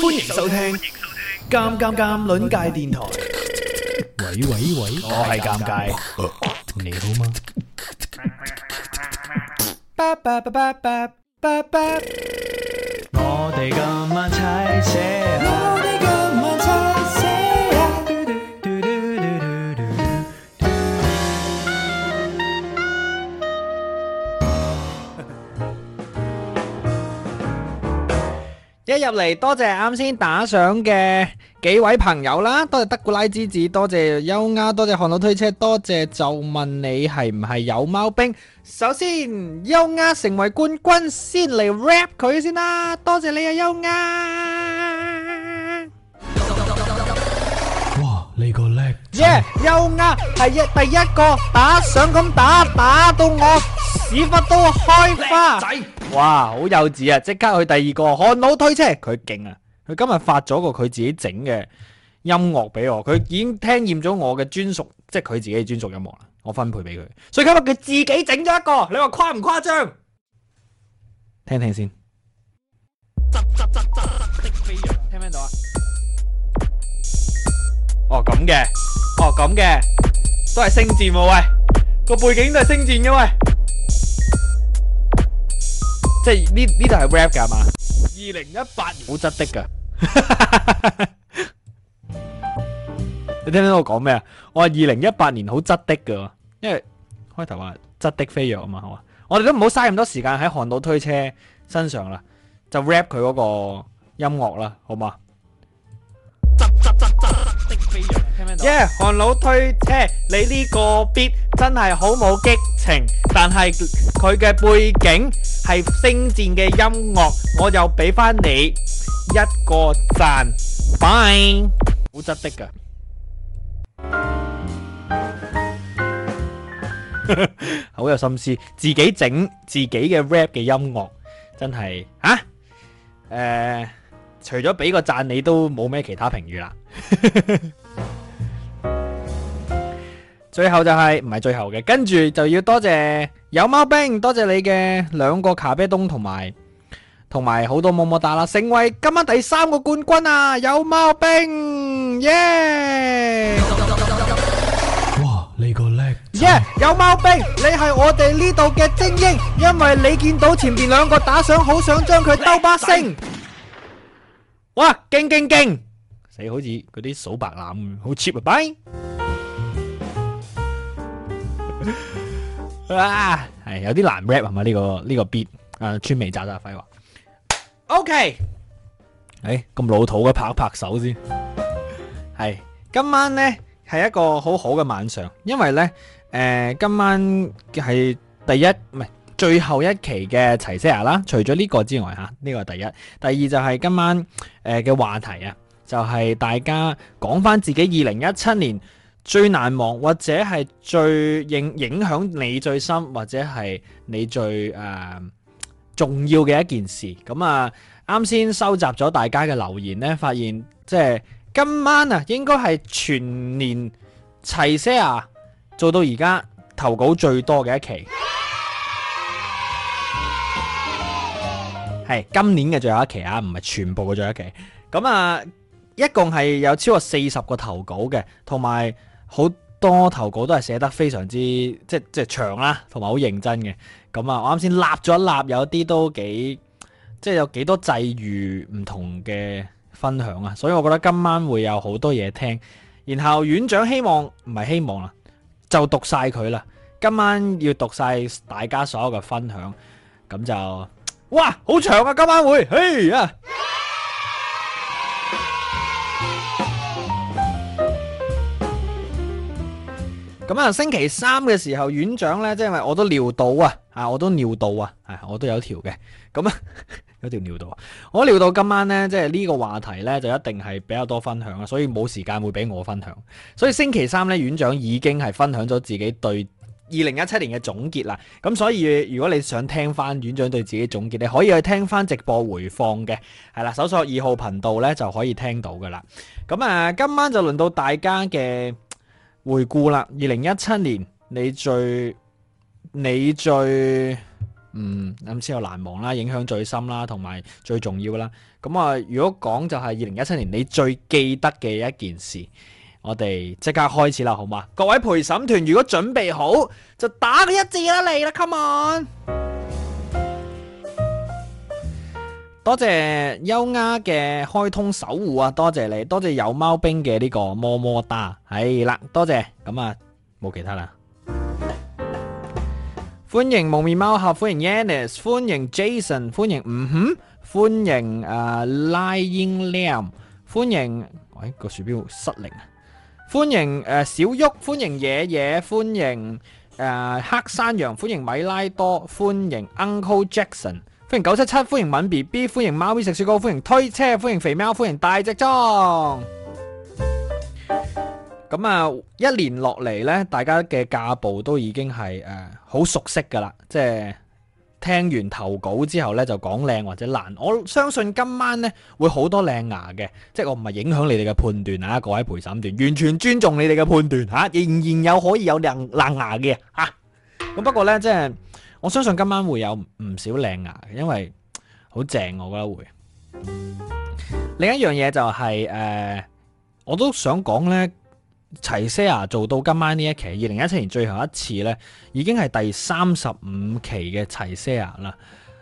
歡迎收聽《尷尷尷》鄰界電台。喂喂喂，我係尷尬，你好嗎？我哋今晚齊些牙。一入嚟，多謝啱先打賞嘅幾位朋友啦，多謝德古拉之子，多謝優亞，多謝看到推車，多謝就問你係唔係有貓兵？首先，優亞成為冠軍，先嚟 rap 佢先啦，多謝你啊，優亞！哇，你個叻！耶，優亞係一第一個打賞咁打，打到我屎忽都開花。哇，好幼稚啊！即刻去第二個，汗腦推車，佢勁啊！佢今日發咗個佢自己整嘅音樂俾我，佢已經聽厭咗我嘅專屬，即係佢自己嘅專屬音樂啦。我分配俾佢，所以今日佢自己整咗一個，你話誇唔誇張？聽聽先，執執執執的飛揚，聽唔聽到啊？哦咁嘅，哦咁嘅，都係星戰喎！喂，個背景都係星戰嘅喂。即係呢，呢度係 rap 㗎係嘛？二零一八年好質的㗎， 你聽唔聽到我講咩啊？我話二零一八年好質的㗎，因為開頭話質的飛躍啊嘛，好嘛？我哋都唔好嘥咁多時間喺看到推車身上啦，就 rap 佢嗰個音樂啦，好嘛？打打打打打耶！韓老推車，你呢個 bit 真係好冇激情，但係佢嘅背景係星戰嘅音樂，我又俾翻你一個讚。Bye 好質的㗎，好 有心思，自己整自己嘅 rap 嘅音樂，真係吓？誒、啊呃，除咗俾個讚你，你都冇咩其他評語啦。 最後就係唔係最後嘅，跟住就要多謝有貓兵，多謝你嘅兩個卡啤東同埋同埋好多麼么噠啦，成為今晚第三個冠軍啊！有貓兵，耶！哇，你個叻！耶，有貓兵，你係我哋呢度嘅精英，因為你見到前邊兩個打賞，好想將佢兜巴星。哇，勁勁勁！死，好似嗰啲數白欖咁，好 cheap 啊，bye。係有啲難 rap 係嘛呢個呢個 bit 啊，川味渣渣廢話，OK，誒、欸、咁老土嘅拍一拍手先，係今晚呢，係一個很好好嘅晚上，因為呢，誒、呃、今晚係第一唔係最後一期嘅齊些牙啦，除咗呢個之外吓，呢、啊這個係第一，第二就係今晚誒嘅、呃、話題啊，就係、是、大家講翻自己二零一七年。最難忘或者係最影影響你最深或者係你最誒、呃、重要嘅一件事，咁啊啱先收集咗大家嘅留言呢發現即係今晚啊，應該係全年齊些牙，做到而家投稿最多嘅一期，係 今年嘅最後一期啊，唔係全部嘅最後一期。咁啊，一共係有超過四十個投稿嘅，同埋好多投稿都係寫得非常之即係即係長啦，同埋好認真嘅。咁啊，我啱先立咗一立，有一啲都幾即係有幾多際遇唔同嘅分享啊。所以我覺得今晚會有好多嘢聽。然後院長希望，唔係希望啦，就讀晒佢啦。今晚要讀晒大家所有嘅分享，咁就，哇，好長啊！今晚會，嘿啊！咁啊，星期三嘅時候，院長呢，即係因為我都料到啊，啊，我都料到啊，係、啊，我都有條嘅。咁 啊，有條料到，我料到今晚呢，即係呢個話題呢，就一定係比較多分享啦，所以冇時間會俾我分享。所以星期三呢，院長已經係分享咗自己對二零一七年嘅總結啦。咁所以如果你想聽翻院長對自己總結，你可以去聽翻直播回放嘅，係啦，搜索二號頻道呢就可以聽到噶啦。咁啊，今晚就輪到大家嘅。回顧啦，二零一七年你最你最嗯諗先有難忘啦，影響最深啦，同埋最重要啦。咁啊，如果講就係二零一七年你最記得嘅一件事，我哋即刻開始啦，好嘛？各位陪審團，如果準備好就打個一字啦嚟啦，Come on！多謝優雅嘅開通守護啊！多謝你，多謝有貓兵嘅呢個麼麼噠，係啦，多謝，咁啊冇其他啦。歡迎蒙面貓俠，歡迎 Yannis，歡迎 Jason，歡迎嗯哼，歡迎誒 Lion Lamb，歡迎，喂個鼠標失靈啊！歡迎誒小旭，歡迎野野，歡迎誒黑山羊，歡迎米拉多，歡迎 Uncle Jackson。歡迎九七七，歡迎敏 B B，歡迎貓咪食雪糕，歡迎推車，歡迎肥貓，歡迎大隻裝。咁啊，一年落嚟呢，大家嘅架步都已經係誒好熟悉噶啦。即係聽完投稿之後呢，就講靚或者難。我相信今晚呢，會好多靚牙嘅，即係我唔係影響你哋嘅判斷啊，各位陪審團，完全尊重你哋嘅判斷吓、啊，仍然有可以有靚爛牙嘅吓。咁、啊、不過呢，即係。我相信今晚會有唔少靚牙，因為好正，我覺得會。另一樣嘢就係、是、誒、呃，我都想講呢，齊些牙做到今晚呢一期，二零一七年最後一次呢，已經係第三十五期嘅齊些牙啦，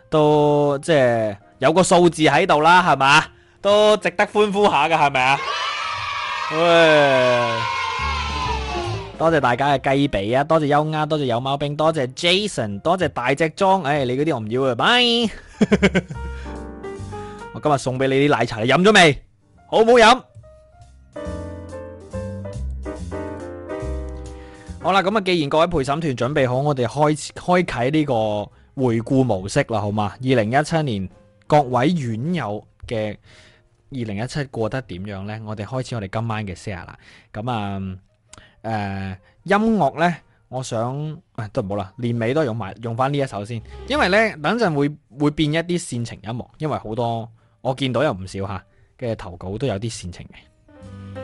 都即係有個數字喺度啦，係嘛？都值得歡呼一下嘅，係咪啊？多謝大家嘅雞髀啊！多謝優丫，多謝有貓兵，多謝 Jason，多謝大隻裝。誒、哎，你嗰啲我唔要啊！拜。 我今日送俾你啲奶茶，你飲咗未？好唔好飲？好啦，咁啊，既然各位陪審團準備好，我哋開開啟呢個回顧模式啦，好嘛？二零一七年，各位院友嘅二零一七過得點樣呢？我哋開始我哋今晚嘅 share 啦。咁啊。嗯誒、uh,，音樂呢，我想誒都冇啦，年尾都用埋用翻，呢一首先，因為呢，等陣會會變一啲煽情音樂，因為好多我見到有唔少吓嘅投稿都有啲煽情嘅。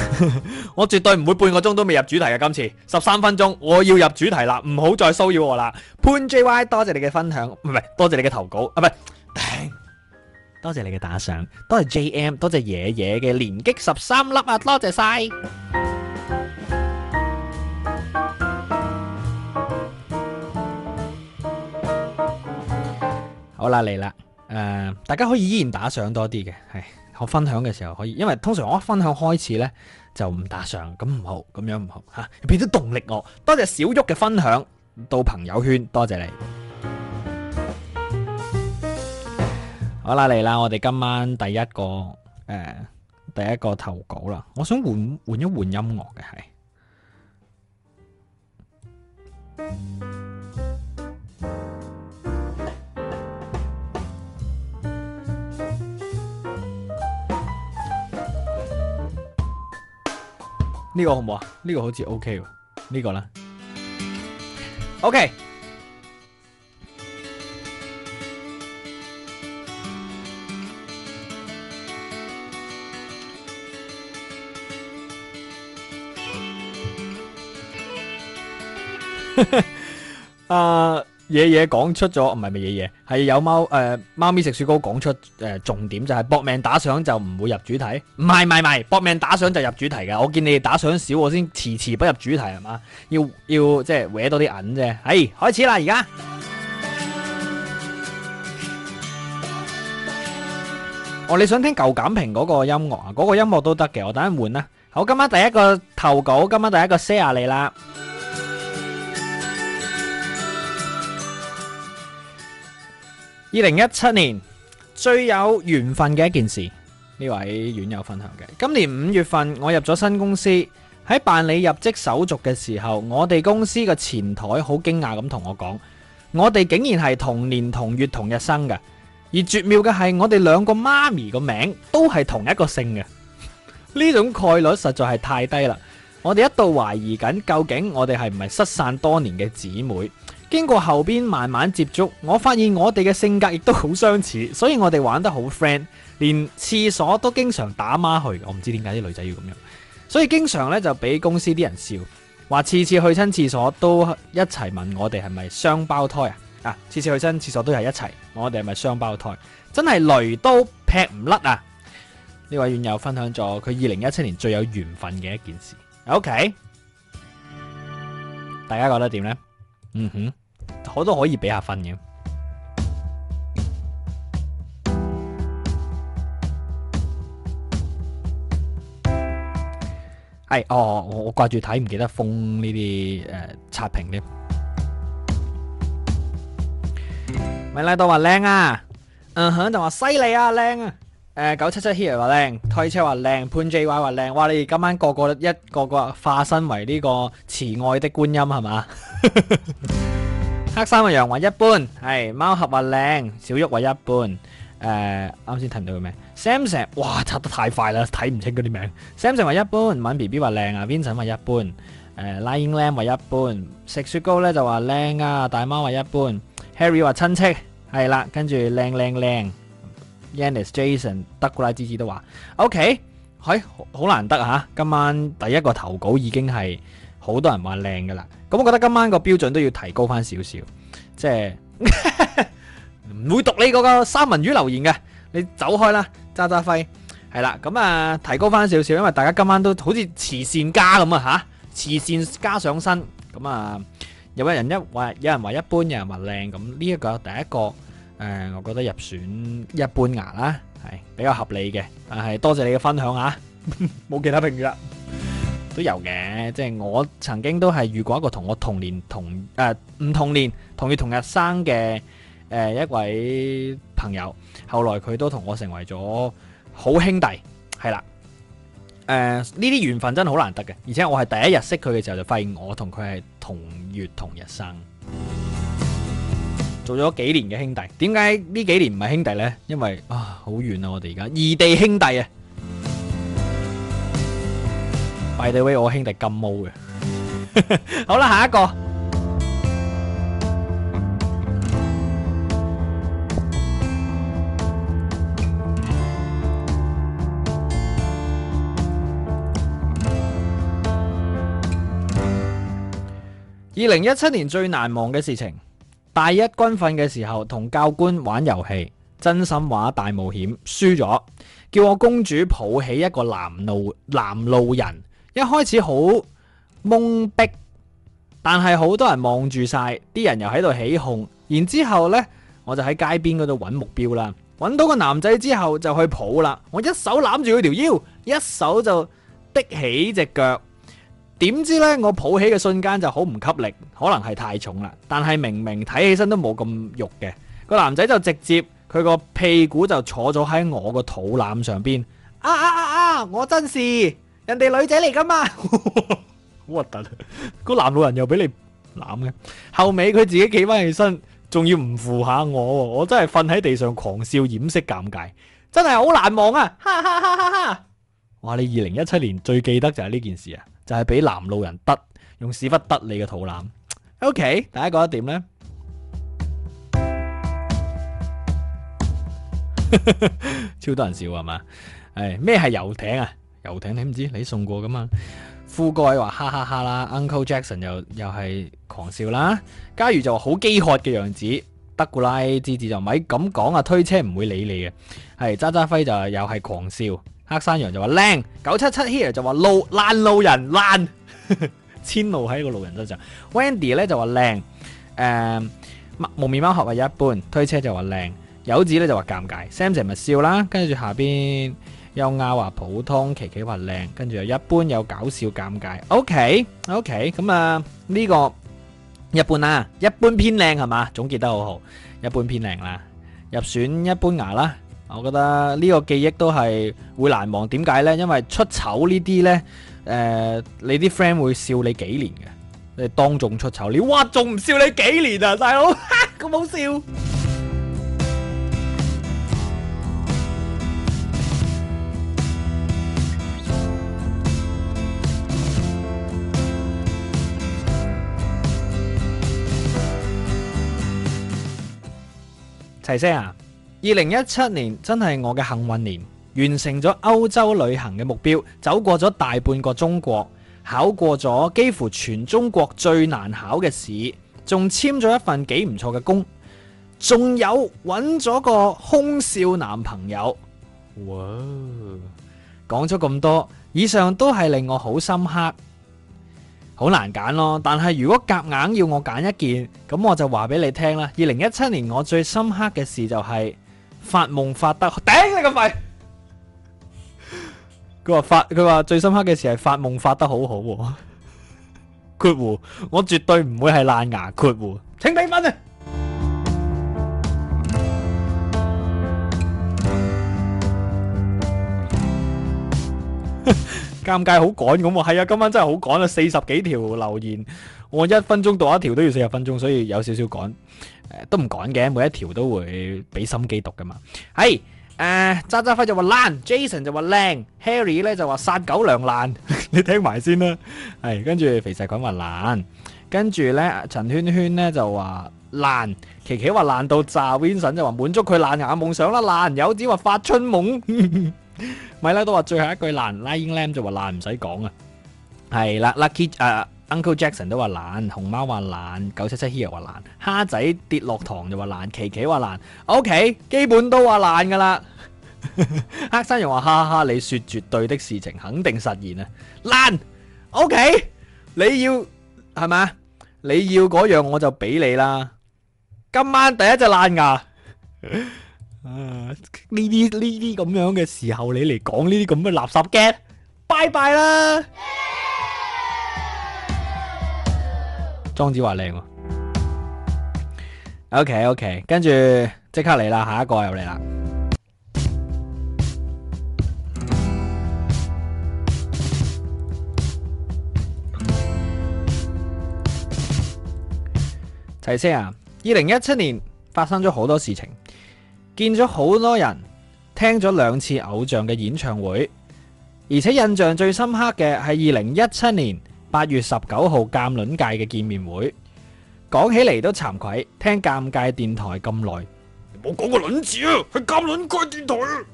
我絕對唔會半個鐘都未入主題嘅，今次十三分鐘我要入主題啦，唔好再騷擾我啦。潘 JY 多謝你嘅分享，唔係多謝你嘅投稿，啊唔係 多謝你嘅打賞，多謝 JM，多謝爺爺嘅連擊十三粒啊，多謝晒。好啦，嚟啦，誒，大家可以依然打賞多啲嘅，係我分享嘅時候可以，因為通常我分享開始呢，就唔打賞，咁唔好，咁樣唔好吓，俾啲動力我！多謝小旭嘅分享到朋友圈，多謝你。好啦，嚟啦！我哋今晚第一個誒，第一個投稿啦。我想換換一換音樂嘅係呢個好唔好啊？呢個好似 OK 喎，呢個啦，OK。啊、 呃！嘢嘢講出咗，唔係、呃、咪嘢嘢，係有貓誒，貓咪食雪糕講出誒、呃、重點就係搏命打賞就唔會入主題，唔係唔係唔係搏命打賞就入主題嘅。我見你哋打賞少，我先遲遲不入主題係嘛，要要即係搲多啲銀啫。哎、hey,，開始啦而家。哦，你想聽舊減評嗰個音樂啊？嗰、嗰個音樂都得嘅，我等下換啦。好，今晚第一個投稿，今晚第一個 share 你啦。二零一七年最有緣分嘅一件事，呢位院友分享嘅。今年五月份我入咗新公司，喺辦理入職手續嘅時候，我哋公司嘅前台好驚訝咁同我講，我哋竟然係同年同月同日生嘅，而絕妙嘅係我哋兩個媽咪嘅名都係同一個姓嘅。呢種概率實在係太低啦，我哋一度懷疑緊究竟我哋係唔係失散多年嘅姊妹。經過後邊慢慢接觸，我發現我哋嘅性格亦都好相似，所以我哋玩得好 friend，連廁所都經常打孖去。我唔知點解啲女仔要咁樣，所以經常咧就俾公司啲人笑，話次次去親廁所都一齊問我哋係咪雙胞胎啊？啊，次次去親廁所都係一齊問我哋係咪雙胞胎，真係雷都劈唔甩啊！呢位院友分享咗佢二零一七年最有緣分嘅一件事。OK，大家覺得點呢？嗯哼。好都可以俾下分嘅，哎。係哦，我掛住睇唔記得封呢啲誒刷屏添。米拉多話靚啊，嗯哼，就話犀利啊靚啊，誒九七七 here 話靚，推車話靚，潘 JY 話靚，哇你哋今晚個個，個一，個個化身為呢個慈愛的觀音係嘛？ 黑衫嘅羊話一般，係貓盒話靚，小玉話一般，誒啱先聽到嘅咩？Samson 哇，拆得太快啦，睇唔清嗰啲名。Samson 話一般，敏 B B 話靚啊，Vincent 話一般，誒、呃、Lionel 話一般，食雪糕咧就話靚啊，大貓話一般，Harry 話親戚係啦，跟住靚靚靚，Yannis、Jason、Douglas,、Jason、OK? 欸、德古拉芝芝都話，OK，係好難得吓，今晚第一個投稿已經係好多人話靚噶啦。咁我覺得今晚個標準都要提高翻少少，即係唔會讀你嗰個三文魚留言嘅，你走開啦，渣渣輝係啦，咁啊提高翻少少，因為大家今晚都好似慈善家咁啊吓，慈善家上身，咁啊有個人一話，有人話一,一般，有人話靚，咁呢一個第一個誒、呃，我覺得入選一般牙啦，係比較合理嘅，但係多謝你嘅分享啊，冇 其他評語啦。都有嘅，即係我曾經都係遇過一個同我同年同誒唔同年同月同日生嘅誒一位朋友。後來佢都同我成為咗好兄弟，係啦。誒呢啲緣分真係好難得嘅，而且我係第一日識佢嘅時候就發現我同佢係同月同日生，做咗幾年嘅兄弟。點解呢幾年唔係兄弟呢？因為啊，好遠啊，我哋而家異地兄弟啊。喂，你喂，我兄弟咁毛嘅。好啦，下一個。二零一七年最難忘嘅事情，大一軍訓嘅時候同教官玩遊戲真心話大冒險，輸咗，叫我公主抱起一個男路男路人。一開始好懵逼，但係好多人望住晒，啲人又喺度起哄。然之後呢，我就喺街邊嗰度揾目標啦。揾到個男仔之後就去抱啦。我一手攬住佢條腰，一手就的起隻腳。點知呢？我抱起嘅瞬間就好唔給力，可能係太重啦。但係明明睇起身都冇咁肉嘅。個男仔就直接，佢個屁股就坐咗喺我個肚腩上邊。啊啊啊啊！我真是～人哋女仔嚟噶嘛， 好核突！個男路人又俾你攬嘅，後尾佢自己企翻起身，仲要唔扶下我，我真係瞓喺地上狂笑掩飾尷尬，真係好難忘啊！哈哈哈哈哈！哇！你二零一七年最記得就係呢件事啊，就係俾男路人得用屎忽得你嘅肚腩。OK，大家覺得點呢？ 超多人笑係嘛？誒，咩係遊艇啊？遊艇你唔知，你送過噶嘛？富蓋話哈哈哈啦，Uncle Jackson 又又係狂笑啦。嘉如就話好飢渴嘅樣子。德古拉智智就咪咁講啊，推車唔會理你嘅。係渣渣輝就又係狂笑。黑山羊就話靚。九七七 here 就話路爛路人爛，爛 遷怒喺個路人身上。Wendy 咧就話靚。誒，毛、嗯、面貓學話一般，推車就話靚。友子咧就話尷尬。Samson 咪笑啦，跟住下邊。優雅話普通，琪琪話靚，跟住，又一般，又搞笑尷尬。O K O K，咁啊呢、呢個一般啦，一般偏靚係嘛？總結得好好，一般偏靚啦，入選一般牙啦。我覺得呢個記憶都係會難忘，點解呢？因為出醜呢啲呢，誒、呃、你啲 friend 會笑你幾年嘅，你當眾出醜，你哇仲唔笑你幾年啊，大佬咁好笑。提聲啊！二零一七年真係我嘅幸運年，完成咗歐洲旅行嘅目標，走過咗大半個中國，考過咗幾乎全中國最難考嘅試，仲簽咗一份幾唔錯嘅工，仲有揾咗個空少男朋友。哇！講咗咁多，以上都係令我好深刻。好難揀咯，但係如果夾硬要我揀一件，咁我就話俾你聽啦。二零一七年我最深刻嘅事就係、是、發夢發得頂你這個肺。佢 話發佢話最深刻嘅事係發夢發得好好、啊、喎。括弧，我絕對唔會係爛牙括弧，請閉麥啊！ 尷尬好趕咁喎，係啊，今晚真係好趕啊！四十幾條留言，我一分鐘讀一條都要四十分鐘，所以有少少趕。呃、都唔趕嘅，每一條都會俾心機讀噶嘛。係、哎、誒、呃，渣渣輝就話爛，Jason 就話靚，Harry 咧就話殺狗糧爛， 你聽埋先啦。係、哎，跟住肥細講話爛，跟住咧陳圈圈咧就話爛，琪琪話爛到炸，Vincent 就話滿足佢爛人嘅夢想啦，爛有啲話發春夢。 米拉都話最後一句爛 Lying Lamb 就話爛唔使講啊，係啦，Lucky 誒、uh, Uncle Jackson 都話爛，熊貓話爛，九七七 hero 話爛，蝦仔跌落堂就話爛，琪琪話爛，OK，基本都話爛噶啦，黑山羊話哈哈你說絕對的事情肯定實現啊，爛，OK，你要係咪？你要嗰樣我就俾你啦，今晚第一隻爛牙。啊！呢啲呢啲咁樣嘅時候，你嚟講呢啲咁嘅垃圾 get，拜拜啦！莊子話靚喎。OK OK，跟住即刻嚟啦，下一個又嚟啦。齊些、yeah! 牙啊！二零一七年發生咗好多事情。見咗好多人，聽咗兩次偶像嘅演唱會。而且印象最深刻嘅係二零一七年八月十九號《鑑卵界》嘅見面會。講起嚟，都慚愧，聽《鑑界電台》咁耐，你冇講個“卵”字啊，係《鑑卵界電台》啊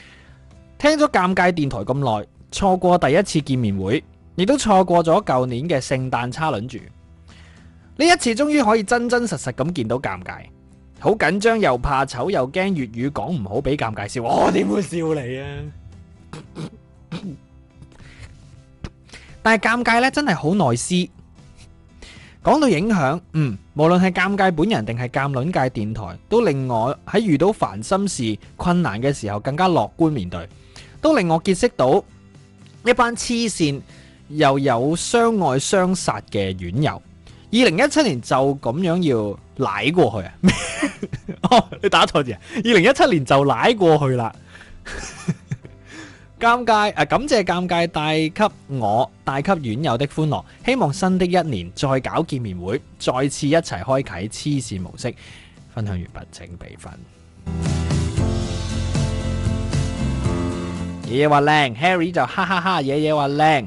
。聽咗《鑑界電台》咁耐，錯過第一次見面會，亦都錯過咗舊年嘅聖誕叉卵住。呢一次終於可以真真實實咁見到尷尬。好緊張，又怕醜，又驚粵語講唔好，俾尷尬笑。我點會笑你啊？但係尷尬咧，真係好耐思。講到影響，嗯，無論係尷尬本人定係尷攣界電台，都令我喺遇到煩心事、困難嘅時候更加樂觀面對，都令我結識到一班黐線又有相愛相殺嘅院友。二零一七年就咁樣要舐過去啊！哦、 oh,，你打錯字啊！二零一七年就舐過去啦。尷 尬啊！感謝尷尬帶給我帶給院友的歡樂，希望新的一年再搞見面會，再次一齊開啟黐線模式，分享完畢，請備份。爺爺話靚，Harry 就哈哈哈，爺爺話靚。誒、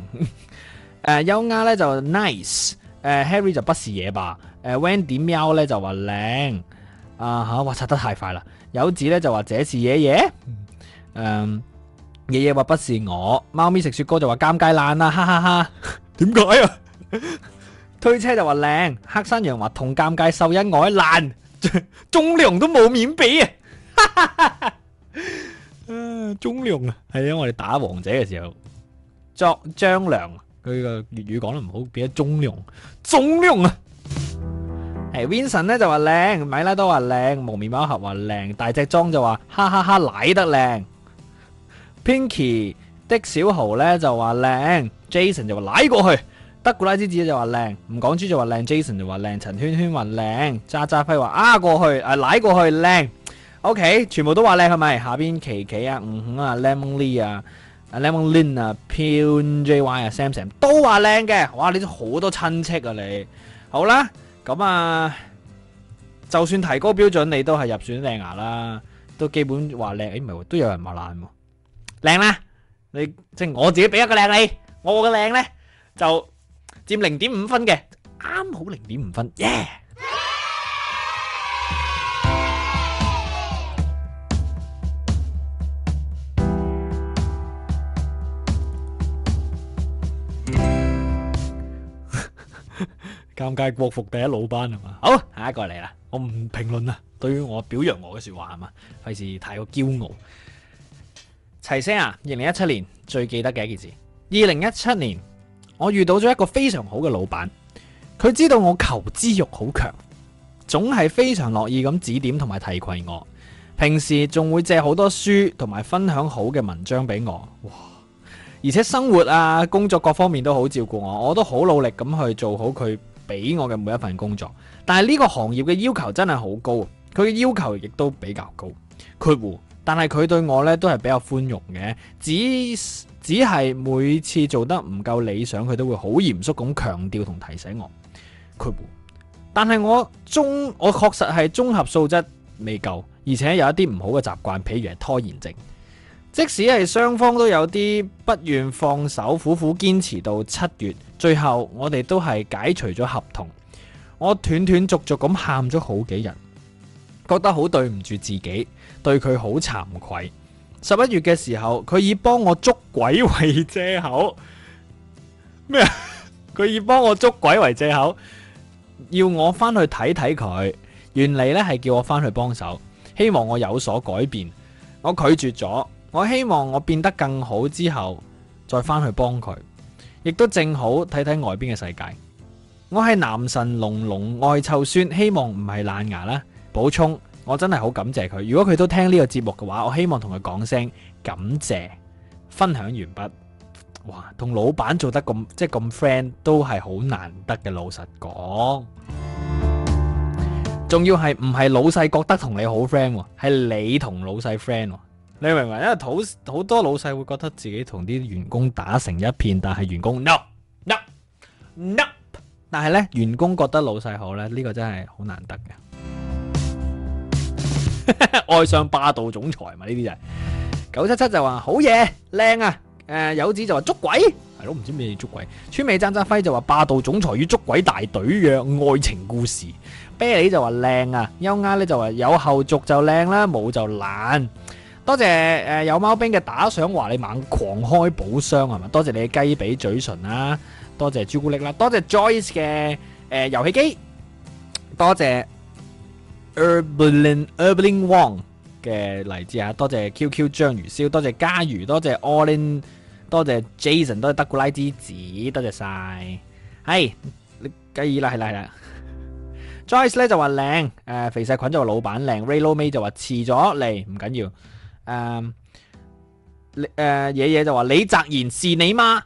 呃，優雅呢就 nice。誒、呃、，Harry 就不是嘢吧？誒、呃、，Wendy 喵咧就話靚，啊、呃、吓，我刷得太快啦。友子咧就話這是爺爺，誒、嗯，爺爺話不是我，貓咪食雪糕就話尷尬爛啦、啊，哈哈哈，哈。點解啊？推車就話靚，黑山羊話同尷尬秀恩愛爛，忠良都冇面俾啊，哈哈哈，哈。啊，忠良啊，係因為我哋打王者嘅時候作張良。佢個粵語講得唔好，變咗中庸，中庸啊！係、hey, Vincent 咧就話靚，米拉都話靚，毛麵包盒話靚，大隻裝就話哈哈哈，哈，奶得靚。Pinky 的小豪咧就話靚，Jason 就話奶過去，德古拉之子就話靚，唔講朱就話靚，Jason 就話靚，陳圈圈話靚，渣渣輝話啊過去，啊奶過去靚，OK，全部都話靚係咪？下邊琪琪啊，嗯哼啊，Lemon Lee 啊。阿 Lemon Lin 啊，Pun J Y 啊，Samson 都話靚嘅，哇！你都好多親戚啊，你好啦，咁啊，就算提高標準，你都係入選靚牙啦，都基本話靚，誒唔係，都有人話爛喎，靚啦，你即係我自己俾一個靚你，我個靚咧就佔零點五分嘅，啱好零點五分，耶！尷尬，國服第一老班係嘛，好，下一個嚟啦，我唔評論啊，對於我表揚我嘅說話係嘛，費事太過驕傲。齊些牙啊，二零一七年最記得嘅一件事，二零一七年我遇到咗一個非常好嘅老闆，佢知道我求知欲好強，總係非常樂意咁指點同埋提攜我，平時仲會借好多書同埋分享好嘅文章俾我，哇，而且生活啊工作各方面都好照顧我，我都好努力咁去做好佢。俾我嘅每一份工作，但係呢個行業嘅要求真係好高，佢嘅要求亦都比較高。括弧，但係佢對我呢都係比較寬容嘅，只只係每次做得唔夠理想，佢都會好嚴肅咁強調同提醒我。括弧，但係我綜我確實係綜合素質未夠，而且有一啲唔好嘅習慣，譬如係拖延症。即使係雙方都有啲不願放手，苦苦堅持到七月，最後我哋都係解除咗合同。我斷斷續續咁喊咗好幾日，覺得好對唔住自己，對佢好慚愧。十一月嘅時候，佢以幫我捉鬼為借口，咩？佢以幫我捉鬼為借口，要我翻去睇睇佢。原嚟咧係叫我翻去幫手，希望我有所改變。我拒絕咗。我希望我變得更好之後，再翻去幫佢，亦都正好睇睇外邊嘅世界。我係男神龍龍愛臭酸，希望唔係爛牙啦。補充，我真係好感謝佢。如果佢都聽呢個節目嘅話，我希望同佢講聲感謝。分享完畢，哇，同老闆做得咁即係咁 friend，都係好難得嘅。老實講，仲要係唔係老細覺得同你好 friend，係你同老細 friend。你明唔明？因為好好多老細會覺得自己同啲員工打成一片，但係員工 no no no 但。但係呢員工覺得老細好呢，呢、這個真係好難得嘅。 愛上霸道總裁嘛？呢啲就九七七就話好嘢靚啊！誒、呃、柚子就話捉鬼係咯，唔知咩捉鬼。村尾爭爭輝就話霸道總裁與捉鬼大隊約愛情故事。啤梨就話靚啊，優丫呢就話有後續就靚啦，冇就懶。多謝誒，有貓兵嘅打賞，話你猛狂開寶箱係嘛？多謝你嘅雞髀嘴唇啦，多謝朱古力啦，多謝 Joyce 嘅誒遊戲機，多謝 Urban Urban Wang 嘅例子啊，多謝 QQ 章魚燒，多謝嘉瑜，多謝 Allin，多謝 Jason，多謝德古拉之子，多謝晒係你雞耳啦，係啦係啦，Joyce 咧就話靚誒，肥細菌就話老闆靚，Raylow 妹就話遲咗嚟，唔緊要。誒，李誒，野野就話李澤言是你嗎？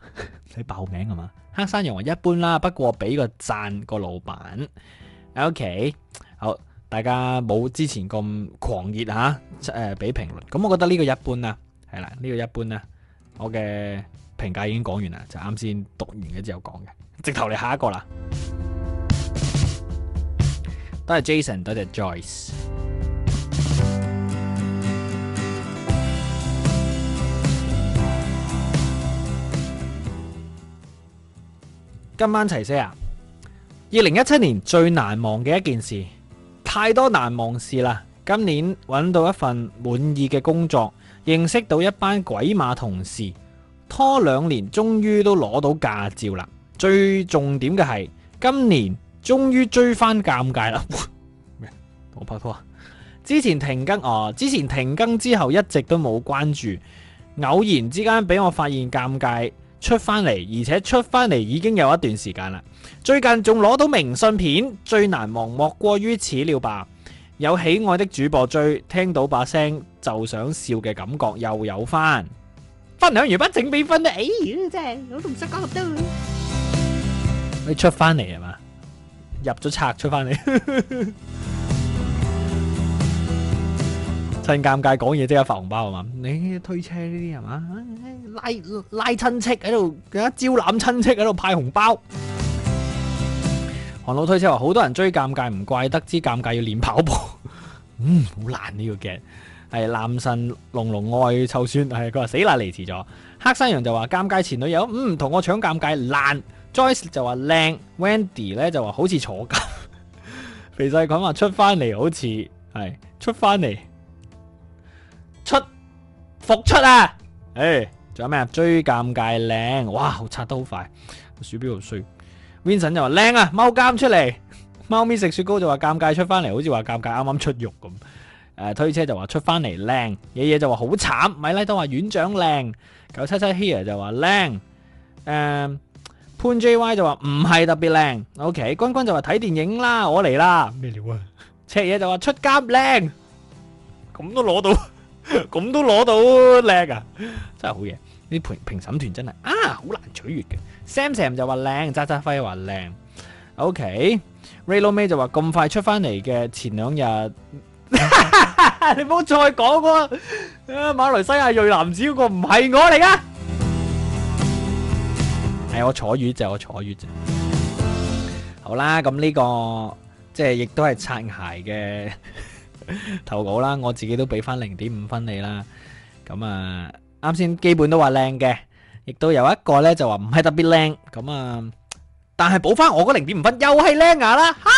你爆名係嘛？黑山人話一般啦，不過俾個讚個老闆 OK，好，大家冇之前咁狂熱吓，誒、啊，俾評論。咁我覺得呢個一般啊，係啦，呢、呢個一般咧，我嘅評價已經講完啦，就啱先讀完嘅之後講嘅，直頭嚟下一個啦。 多謝 Jason，多謝 Joyce。今晚齊些牙啊！二零一七年最難忘嘅一件事，太多難忘事啦。今年揾到一份滿意嘅工作，認識到一班鬼馬同事，拖兩年終於都攞到駕照啦。最重點嘅係，今年終於追翻尷尬啦！我拍拖啊？之前停更哦，之前停更之後一直都冇關注，偶然之間俾我發現尷尬。出翻嚟，而且出翻嚟已經有一段時間啦。最近仲攞到明信片，最難忘莫過於此了吧？有喜愛的主播追，聽到把聲就想笑嘅感覺又有翻。分享完不整俾分呀，哎，真係我都唔識講得多。你出翻嚟係嘛？入咗冊出翻嚟。趁尷尬，講嘢即刻發紅包係嘛？你推車呢啲係嘛？拉拉親戚喺度，佢一招攬親戚喺度派紅包。韓老 推車話：好多人追尷尬，唔怪得知尷尬要練跑步。 嗯，好爛呢個 game 係男神龍龍愛臭酸係佢話死啦離辭咗黑山羊就話尷尬前女友唔同、嗯、我搶尷尬爛 Joyce 就話靚 Wendy 咧就話好似坐監，肥仔講話出翻嚟好似係出翻嚟。復出啊！誒、哎，仲有咩？追尷尬靚，哇，擦得好快，鼠標好衰。Vincent 就話靚啊，貓監出嚟，貓咪食雪糕就話尷尬出翻嚟，好似話尷尬啱啱出獄咁。誒、呃，推車就話出翻嚟靚，爺爺就話好慘。米拉都話院長靚，九七七 Here 就話靚，誒、呃，潘 JY 就話唔係特別靚。OK，君君就話睇電影啦，我嚟啦，咩料啊？赤嘢就話出監靚，咁都攞到。咁 都攞到靚啊！真係好嘢，呢啲評評審團真係啊，好難取悦嘅。Sam Sam 就話靚，渣渣輝話靚，OK，Ray、OK, Low May 就話咁快出翻嚟嘅前兩日， 你唔好再講個啊,啊！馬來西亞銳男子嗰個唔係我嚟噶、啊，係、 哎、我坐月就我坐月啫。好啦，咁呢、這個即係亦都係擦鞋嘅。投稿啦，我自己都俾翻零點五分你啦。咁啊，啱先基本都話靚嘅，亦都有一個呢就話唔係特別靚。咁啊，但係補翻我嗰零點五分又係靚牙啦吓。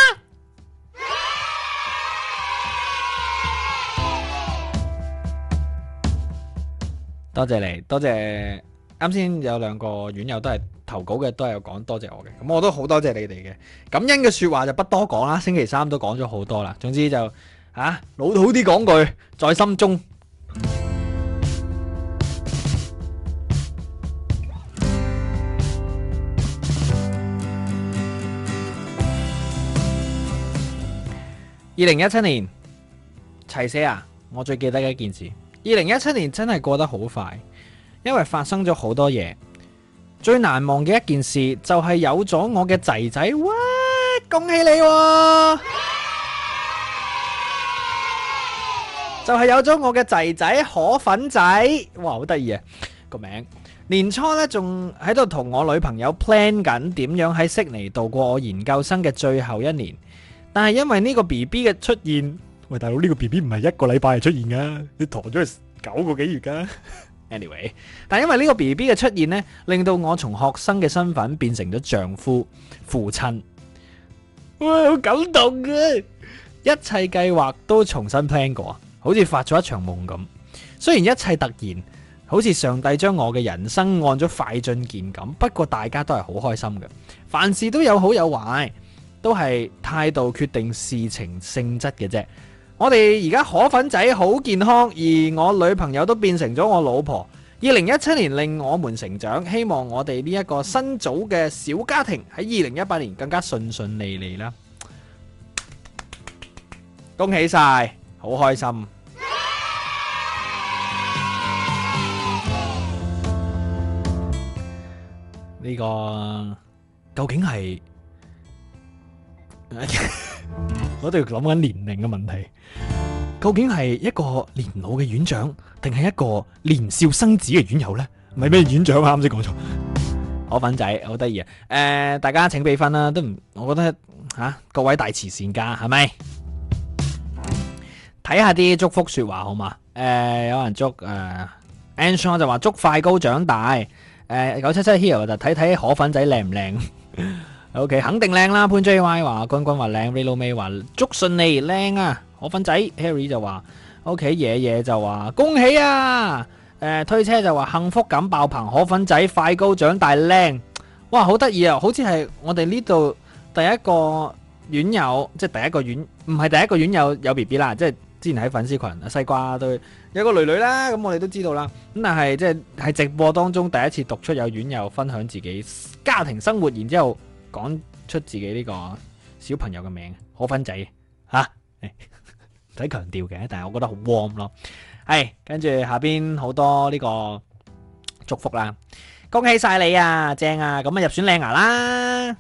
多謝你，多謝。啱先有兩個院友都係投稿嘅，都係有講多謝我嘅。咁我都好多謝你哋嘅感恩嘅說話就不多講啦。星期三都講咗好多啦，總之就。啊，老土啲講句，在心中。二零一七年，齊些牙！我最記得嘅一件事，二零一七年真係過得好快，因為發生咗好多嘢。最難忘嘅一件事就係有咗我嘅仔仔，哇！恭喜你喎！啊！就係、是、有咗我嘅仔仔可粉仔，哇好得意啊，個名！年初呢，仲喺度同我女朋友 plan 緊點樣喺悉尼度過我研究生嘅最後一年，但係因為呢個 B B 嘅出現，喂大佬呢、這個 B B 唔係一個禮拜就出現噶，你陀咗九個幾月噶、啊。Anyway，但係因為呢個 B B 嘅出現呢，令到我從學生嘅身份變成咗丈夫、父親，哇好感動啊！一切計劃都重新 plan 過。好似發咗一場夢咁，雖然一切突然，好似上帝將我嘅人生按咗快進鍵咁，不過大家都係好開心嘅。凡事都有好有壞，都係態度決定事情性質嘅啫。我哋而家可粉仔好健康，而我女朋友都變成咗我老婆。二零一七年令我們成長，希望我哋呢一個新組嘅小家庭喺二零一八年更加順順利利啦！恭喜晒！好開心！呢個究竟係我都要諗緊年齡嘅問題？究竟係一個年老嘅院長，定係一個年少生子嘅院友咧？唔係咩院長啊？啱先講錯。我粉仔，好得意啊！誒，大家請俾分啦都唔，我覺得吓各位大慈善家係咪？睇下啲祝福説話好嘛？誒，有人祝誒，Anson 就話祝快高長大。誒，九七七 Hero 就睇睇可粉仔靚唔靚？O.K. 肯定靚啦！潘 J.Y. 話，君君話靚，Will 妹話祝順利靚啊！可粉仔 Harry 就話，O.K. 爺爺就話恭喜啊！誒，推車就話幸福感爆棚，可粉仔快高長大靚。哇！好得意啊！好似係我哋呢度第一個院友，即係第一個院，唔係第一個院友有 B.B. 啦，即係。之前喺粉絲群，西瓜都有個囡囡啦，咁我哋都知道啦。咁但係即係喺直播當中第一次讀出有院友又分享自己家庭生活，然之後講出自己呢個小朋友嘅名，可芬仔嚇，唔使強調嘅，但係我覺得好 warm 咯。係跟住下邊好多呢個祝福啦，恭喜曬你啊，正啊，咁啊入選靚牙啦，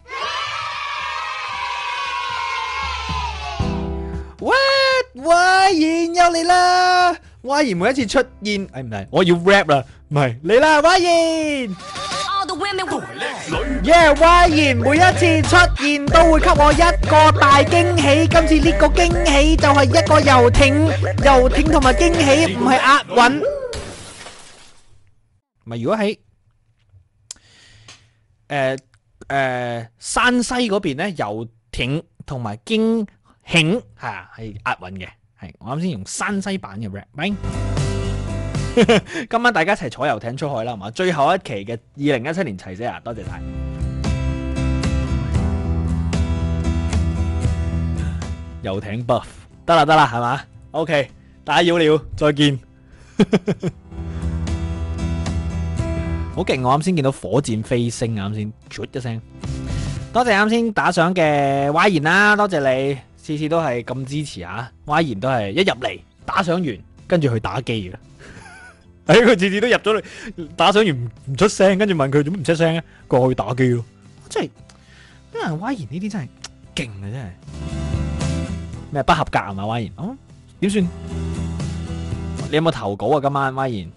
喂。威然又嚟啦！威然每一次出現，哎唔得，我要 rap 啦，唔係嚟啦，威然。Yeah，威然每一次出現都會給我一個大驚喜，今次呢個驚喜就係一個遊艇，遊艇同埋驚喜唔係押韻。咪如果喺誒誒山西嗰邊咧，遊艇同埋驚。慶吓係押韻嘅，係我啱先用山西版嘅 rap 名，right? 今晚大家一齊坐遊艇出海啦，係嘛？最後一期嘅二零一七年齊些牙啊，多謝晒。遊 艇 buff，得啦得啦，係嘛？OK，打擾了，再見。好 勁！我啱先見到火箭飛升啊！啱先，唰一聲。多謝啱先打賞嘅歪言啦，多謝你。次次都係咁支持啊！Y 然都係一入嚟打賞完，跟住去打機啦。哎，佢次次都入咗嚟打賞完唔出聲，跟住問佢做咩唔出聲啊。過去打機咯。真係，啲人 Y 然呢啲真係勁啊！真係咩，啊，不合格啊嘛？Y 然，點，啊，算？你有冇投稿啊？今晚 Y 然，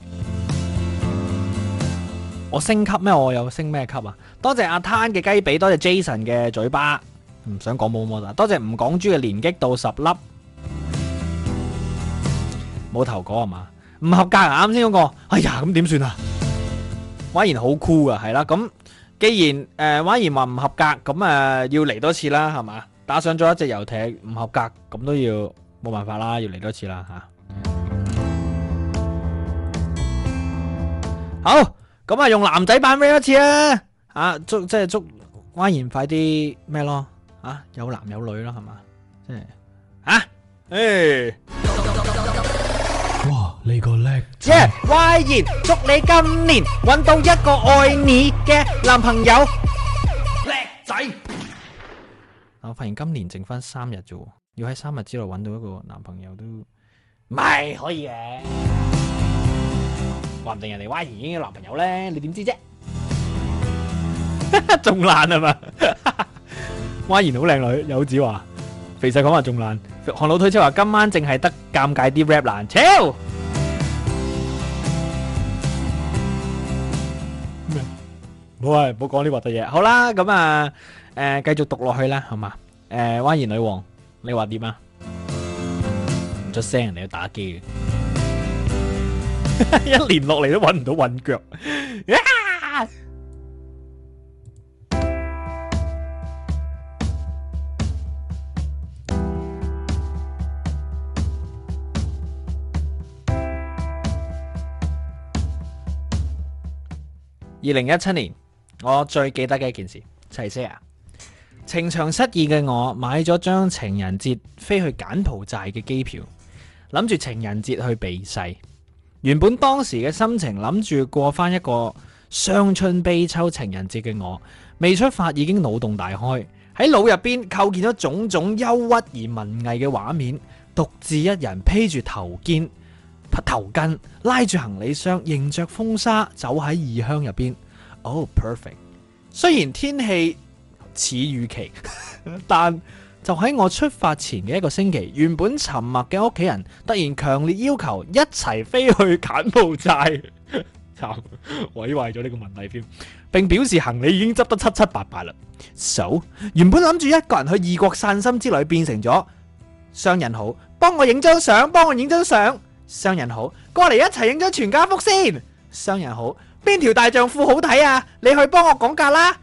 我升級咩？我有升咩級啊？多謝阿 Tan 嘅雞髀，多謝 Jason 嘅嘴巴。唔想講冇乜啦，多謝吳港豬嘅連擊到十粒，冇頭果係嘛？唔合格，啱先嗰個，哎呀咁點算啊？婉賢好酷啊，係啦、cool。咁既然誒婉賢話唔合格，咁誒、呃、要嚟多次啦，係嘛？打上咗一隻遊艇，唔合格，咁都要冇辦法啦，要嚟多次啦嚇。啊、好，咁啊用男仔版 rap 一次啊？嚇，祝即係祝婉賢快啲咩咯？啊，有男有女啦，係嘛？即係啊，誒，哇，呢個叻，耶，歪然，祝你今年搵到一個愛你嘅男朋友，叻仔。啊，我發現今年剩翻三日啫，要喺三日之內搵到一個男朋友都唔係可以嘅。話唔定人哋歪然已經有男朋友咧，你點知啫？仲懶吖嘛？蜿蜒好靚女，友子話肥細講話仲爛，韓老推車話今晚淨係得尷尬啲 rap 難，超冇啊，唔好講呢鑊嘅嘢，好啦，咁啊，誒、呃，繼續讀落去啦，好嘛？誒、呃，蜿蜒女王，你話點啊？唔出聲，人哋要打機， 一年落嚟都搵唔到韻腳、 啊，二零一七年，我最記得嘅一件事，齊些牙，情場失意嘅我買咗張情人節飛去柬埔寨嘅機票，諗住情人節去避世。原本當時嘅心情諗住過翻一個傷春悲秋情人節嘅我，未出發已經腦洞大開，喺腦入邊構建咗種種憂鬱而文藝嘅畫面，獨自一人披住頭肩。披頭巾，拉住行李箱，迎着風沙走喺異鄉入邊。哦、oh，perfect。雖然天氣似預期，但就喺我出發前嘅一個星期，原本沉默嘅屋企人突然強烈要求一齊飛去柬埔寨。慘 毀 壞咗呢個文藝片。並表示行李已經執得七七八八啦。So 原本諗住一個人去異國散心之旅變成咗商人好。幫我影張相，幫我影張相。商人好，過嚟一齊影張全家福先。商人好，邊條大丈夫好睇啊？你去幫我講價啦。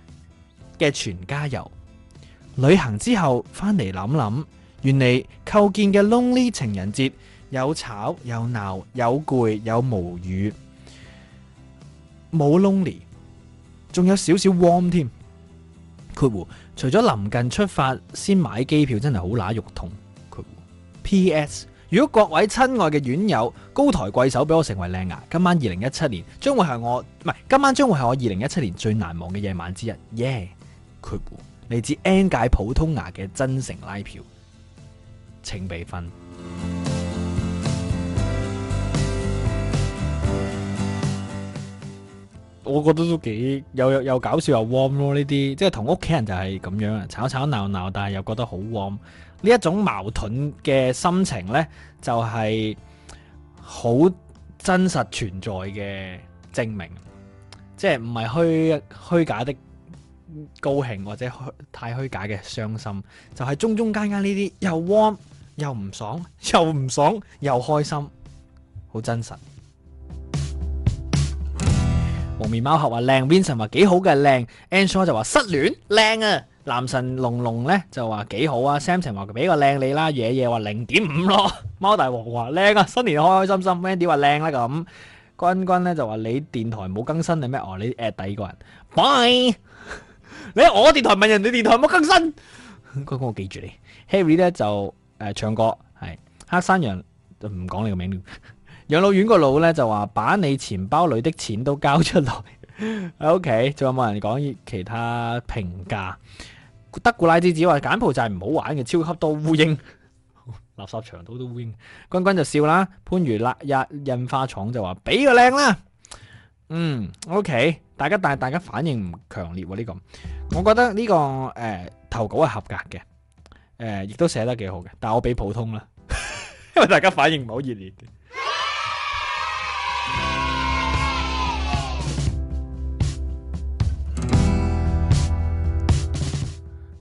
嘅全家遊旅行之後翻嚟諗諗，原嚟構建嘅 Lonely 情人節有吵有鬧有攰有無語，冇 Lonely，仲有少少 Warm 添。括弧，除咗臨近出發先買機票，真係好乸肉痛。括弧，P.S. 如果各位親愛嘅院友高抬貴手俾我成為靚牙，今晚二零一七年將會係我唔係今晚將會係我二零一七年最難忘嘅夜晚之一，耶！括弧嚟自 N 界普通牙嘅真誠拉票，請備分。我覺得都幾又又搞笑又 warm 咯，呢啲即係同屋企人就係咁樣啊，吵吵鬧鬧，但係又覺得好 warm。呢一種矛盾嘅心情咧，就係、是、好真實存在嘅證明，即係唔係虛虛假的高興，或者虛太虛假嘅傷心，就係、是、中中間間呢啲又 warm 又唔爽，又唔爽，又，唔爽又開心，好真實。黃面貓俠話靚，Vincent 話幾好嘅靚，Ansho 就話失戀靚啊！男神龍龍咧就話幾好啊，Samson 話俾個靚你啦， 爺爺話零點五咯，貓大王話靚啊，新年開開心心，Andy 話靚啦咁，君君咧就話你電台冇更新你咩？哦，你 at 第二個人，bye。 你喺我電台問人，你電台冇更新，君 君我記住你。Harry 咧就誒、呃、唱歌係，黑山羊就唔講你個名字。養 老院個老咧就話把你錢包裏的錢都交出來。 OK，仲有冇人講其他評價？ 德古拉之子話柬埔寨唔好玩嘅，超級多烏蠅，垃圾場度都烏蠅。 君君就笑啦，番禺蠟印印花廠就話俾個靚啦。嗯，O、okay, K，大家但係大家反應唔強烈呢、啊這個，我覺得呢、這個誒、呃、投稿係合格嘅，誒亦都寫得幾好嘅，但係我俾普通啦， 因為大家反應唔好熱烈。嘅。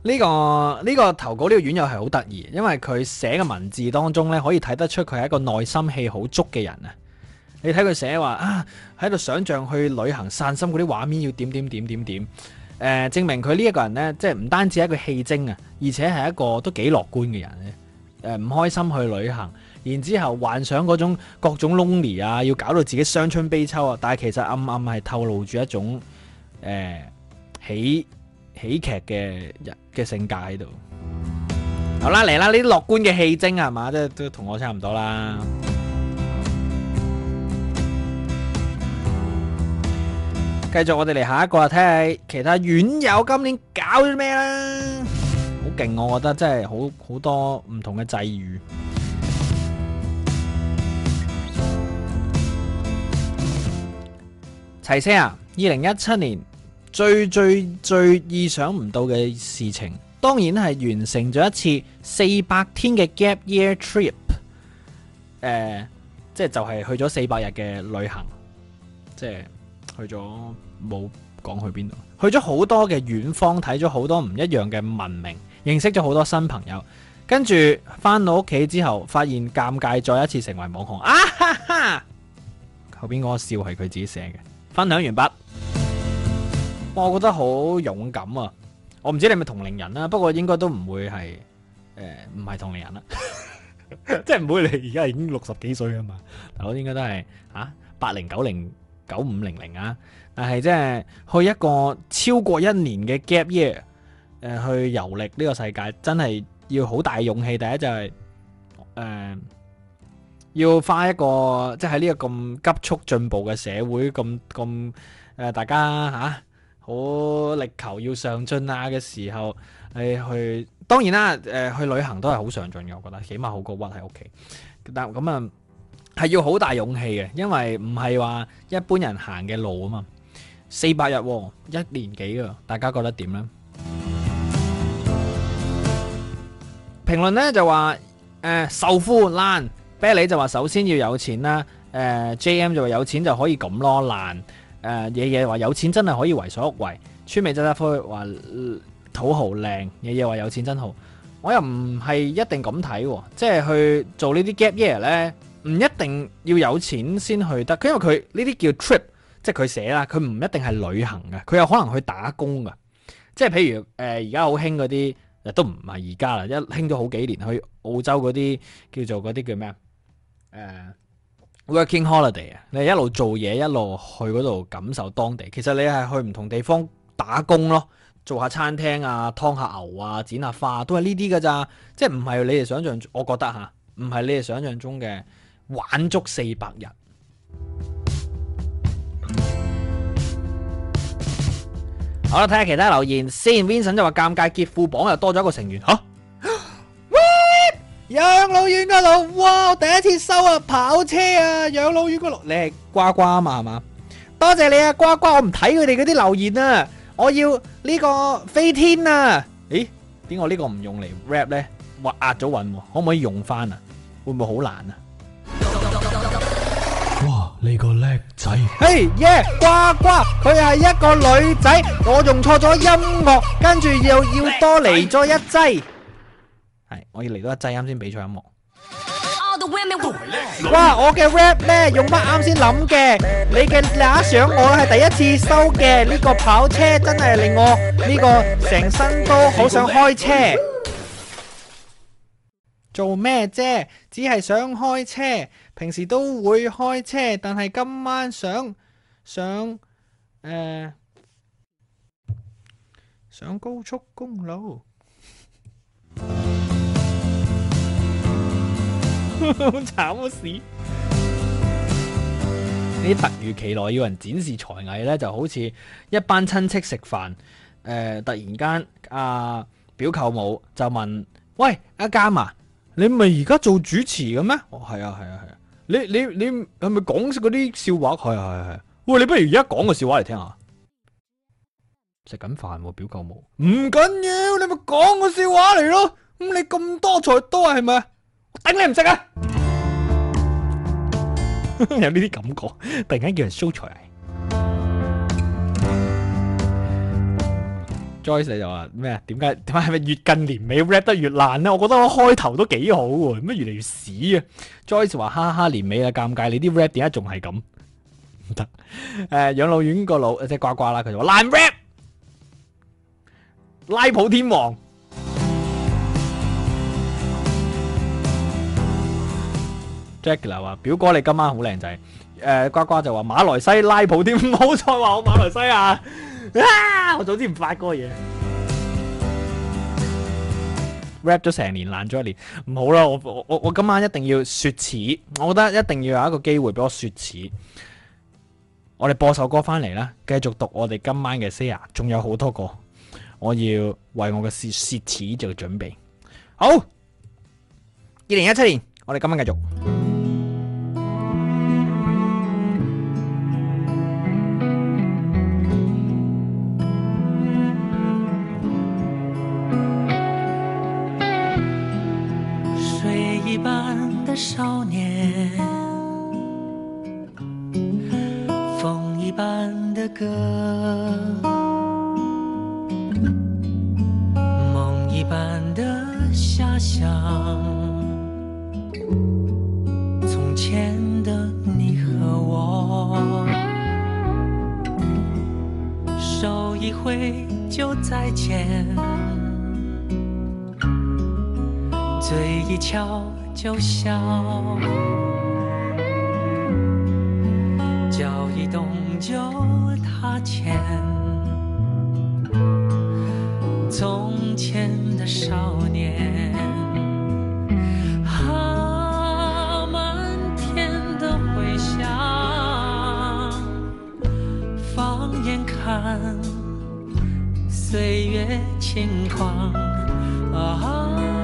呢、這個呢、這個投稿呢個院友係好得意，因為佢寫嘅文字當中呢，可以睇得出佢係一個內心戲好足嘅人看他寫的啊！你睇佢寫話啊，喺度想象去旅行散心嗰啲畫面要點點點點點，誒、呃、證明佢呢一個人呢，即係唔單止係一個戲精啊，而且係一個都幾樂觀嘅人呢。誒、呃、唔開心去旅行，然之後幻想嗰種各種 lonely 啊，要搞到自己傷春悲秋啊，但係其實暗暗係透露住一種誒喜。呃起喜劇嘅人嘅性格喺度，好啦嚟啦！呢啲樂觀嘅戲精係嘛？即係都同我差唔多啦。繼續我哋嚟下一個啊，睇下其他院友今年搞啲咩啦。好勁，我覺得真係好好多唔同嘅際遇。齊些牙！二零一七年。最最最意想唔到嘅事情，當然係完成咗一次四百天嘅 gap year trip，呃，即係就係去咗四百日嘅旅行，即係去咗冇講去邊度，去咗好多嘅遠方，睇咗好多唔一樣嘅文明，認識咗好多新朋友，跟住翻到屋企之後，發現尷尬再一次成為網紅，啊哈哈，後邊嗰個笑係佢自己寫嘅，分享完畢。我覺得好勇敢啊！我唔知你係咪同齡人啦、啊，不過應該都唔會係誒唔係同齡人啦、啊。即係唔會，你而家已經六十幾歲啊嘛？大佬應該都係啊，八零九零九五零零啊！但係即係去一個超過一年嘅 gap year，誒、呃、去遊歷呢個世界，真係要好大勇氣。第一就係、是、誒、呃、要花一個，即係呢個咁急速進步嘅社會，咁咁誒大家吓。啊我、哦、力求要上進啊嘅時候，你、哎、去當然啦，誒、呃、去旅行都係好上進嘅，我覺得，起碼好過屈喺屋企。但咁啊，係要好大勇氣嘅，因為唔係話一般人行嘅路啊嘛。四百日一年幾啊？大家覺得點呢？評論呢就話誒首富難，啤梨就話首先要有錢啦，誒、呃、JM 就話有錢就可以咁咯難。誒爺爺話有錢真係可以為所欲為，村美真質灰話土豪靚，爺爺話有錢真好。我又唔係一定咁睇喎，即係去做呢啲 gap year 咧，唔一定要有錢先去得。因為佢呢啲叫 trip，即係佢寫啦，佢唔一定係旅行嘅，佢有可能去打工㗎。即係譬如誒，而家好興嗰啲，都唔係而家啦，一興咗好幾年去澳洲嗰啲叫做嗰啲叫咩啊？呃 Working holiday 啊，你一路做嘢，一路去嗰度感受當地。其實你係去唔同地方打工咯，做下餐廳啊，劏下牛啊，剪下花，都係呢啲㗎。咋。即係唔係你哋想象，我覺得吓，唔係你哋想象中嘅玩足四百日。好啦，睇下其他留言先。Saint、Vincent 就話尷尬，劫富榜又多咗一個成員嚇。養老院嗰度，哇！我第一次收啊跑車啊養老院嗰度，你係瓜瓜嘛係嘛？多謝你啊瓜瓜，我唔睇佢哋嗰啲留言啊！我要呢個飛天啊！誒，點解我呢個唔用嚟 rap 咧？哇，壓咗韻，可唔可以用翻啊？會唔會好難啊？哇！你個叻仔！嘿耶，瓜瓜佢係一個女仔，我用錯咗音樂，跟住又要多嚟咗一劑。係，我要嚟到一劑啱先比賽音樂。哇，我嘅 rap 咧用乜啱先諗嘅？你嘅那相我係第一次收嘅。呢個跑車真係令我呢個成身都好想開車。做咩啫？只係想開車。平時都會開車，但係今晚想上誒上高速公路。 好 慘啊！屎！呢突如其來要人展示才藝咧，就好似一班親戚食飯，誒、呃，突然間阿、呃、表舅母就問：喂，阿 Jam 啊，你咪而家做主持嘅咩？哦，係啊，係啊，係啊，啊！你你你係咪講嗰啲笑話？係啊，係啊，係啊！喂，你不如而家講個笑話嚟聽下。食緊飯，啊，表舅母。唔緊要，你咪講個笑話嚟咯。咁你咁多才多，係咪？頂你唔食啊！ 有呢啲感覺，突然間叫人蘇才。Joyce 就話咩啊？點解點解係咪越近年尾 rap 得越爛咧？我覺得我開頭都幾好喎，乜越嚟越屎啊？Joyce 話：哈哈，年尾啊，尷尬，你啲 rap 點解仲係咁？唔得！誒、呃、養老院個老即係掛掛啦，佢就話爛 rap。拉普天王。Jackie 話：表哥你今晚好靚仔。誒、呃，瓜瓜就話馬來西拉普添，唔好再話我馬來西亞、 啊。我早知唔發嗰嘢。rap 咗成年爛咗一年，唔好啦，我我我今晚一定要雪恥，我覺得一定要有一個機會俾我雪恥。我哋播首歌翻嚟啦，繼續讀我哋今晚嘅齊些牙，仲有好多個，我要為我嘅雪雪恥做準備。好，二零一七年。我哋今晚繼續。水一般的少年，風一般的歌，夢一般的遐想。從前的你和我，手一揮就再見，嘴一翹就笑，腳一動就踏前。從前的少年。歲月輕狂啊。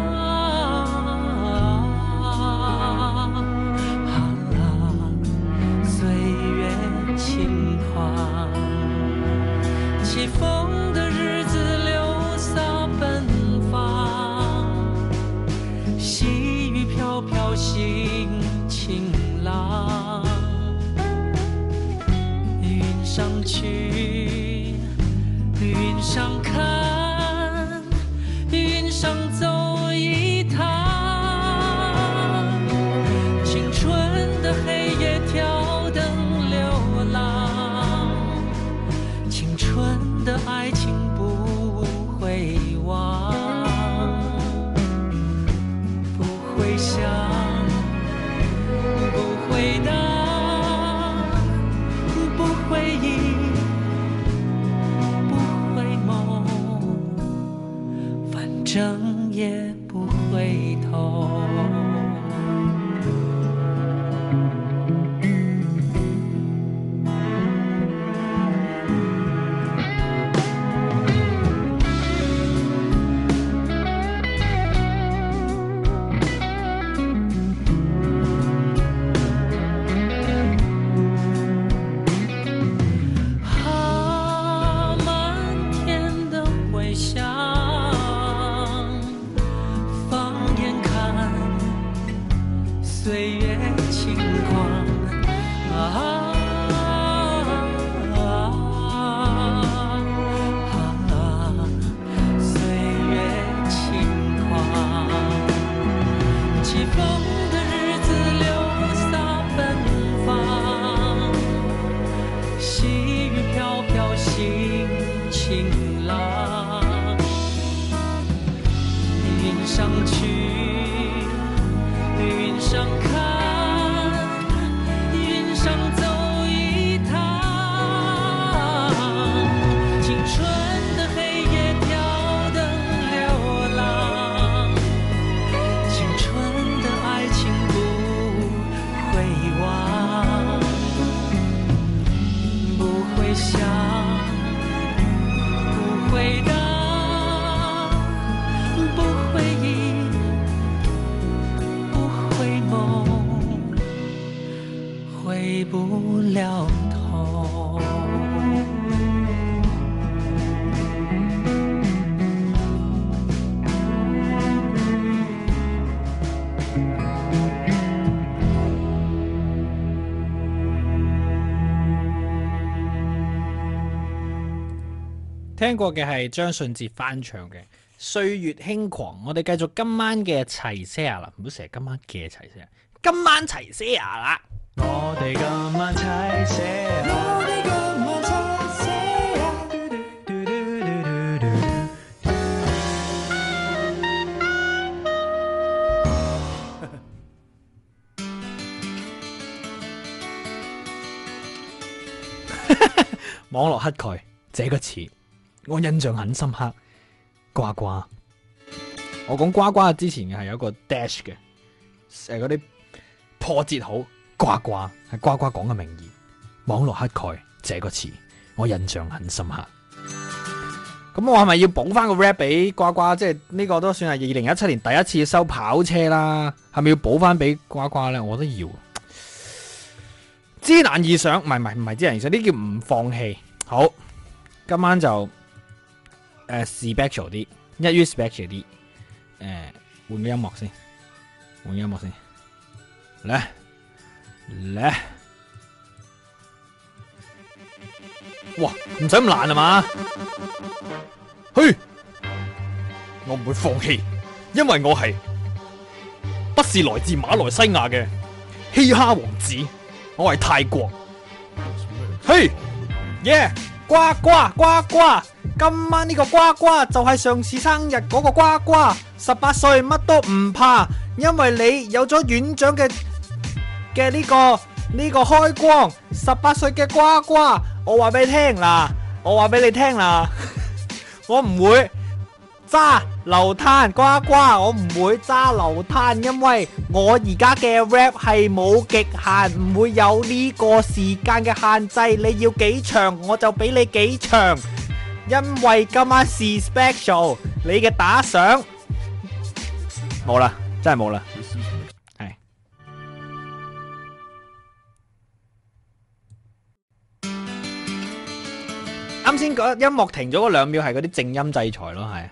聽過嘅係張信哲翻唱嘅《歲月輕狂》，我哋繼續今晚嘅齊些牙啊！唔好成日今晚嘅齊些牙，今晚齊些牙啊！我哋今晚齊些牙啊！我哋今晚齊些牙啊！哈哈哈哈！網絡黑蓋這個詞。我印象很深刻，呱呱，我講呱呱之前係有個 dash 嘅，誒嗰啲破折號，呱呱係呱呱講嘅名義，網絡黑蓋這個詞，我印象很深刻。咁我係咪要補翻個 rap 俾呱呱？即係呢個都算係二零一七年第一次收跑車啦，係咪要補翻俾呱呱咧？我都要。知難而上，唔係唔係唔係知難而上，呢叫唔放棄。好，今晚就。誒、uh,，special 啲，special 一於 special 啲。誒，換個音樂先，換音樂先。嚟嚟，哇，唔使咁懶啊嘛。嘿，我唔會放棄，因為我係，不是來自馬來西亞嘅嘻哈王子，我係泰國。嘿，yeah。呱呱呱呱！今晚呢個呱呱就係上次生日嗰個呱呱，十八歲乜都唔怕，因為你有咗院長嘅嘅呢個呢個開光，十八歲嘅呱呱，我話俾你聽啦，我話俾你聽啦， 我唔會。揸流灘瓜瓜，我唔會揸流灘因為我而家嘅 rap 係冇極限，唔會有呢個時間嘅限制。你要幾長我就俾你幾長，因為今晚是 special 你。你嘅打賞冇啦，真係冇啦。啱先嗰音樂停咗嗰兩秒係嗰啲靜音制裁咯，係。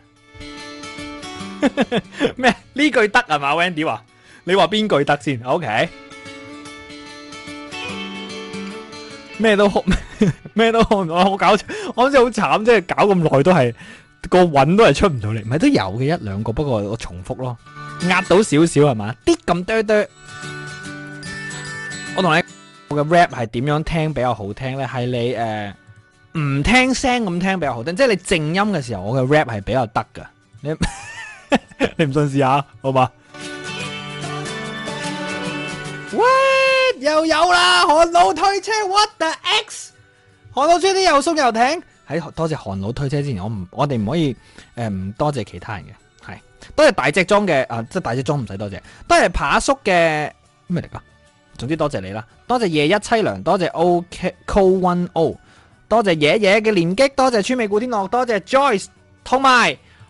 咩？ 呢句得係嘛？Wendy 話你話邊句得先？OK 咩都好，咩都好。我搞我真係好慘，即係搞咁耐都係個韻都係出唔到嚟，唔係都有嘅一兩個，不過我重複咯，壓到少少係嘛？啲咁多多，我同你我嘅 rap 係點樣聽比較好聽咧？係你誒唔、呃、聽聲咁聽比較好聽，即係你靜音嘅時候，我嘅 rap 係比較得噶。你。 你唔信試下，好嘛？喂，又有啦！韓老推車 What the X，韓老出啲又鬆又艇。喺多謝韓老推車之前，我唔我哋唔可以誒唔、呃、多謝其他人嘅，係多謝大隻裝嘅啊，即係大隻裝唔使多謝，多謝扒叔嘅咩嚟㗎？總之多謝你啦，多謝夜一淒涼，多謝 ok call one o，多謝爺爺嘅連擊，多謝川美古天樂，多謝 Joyce 同埋。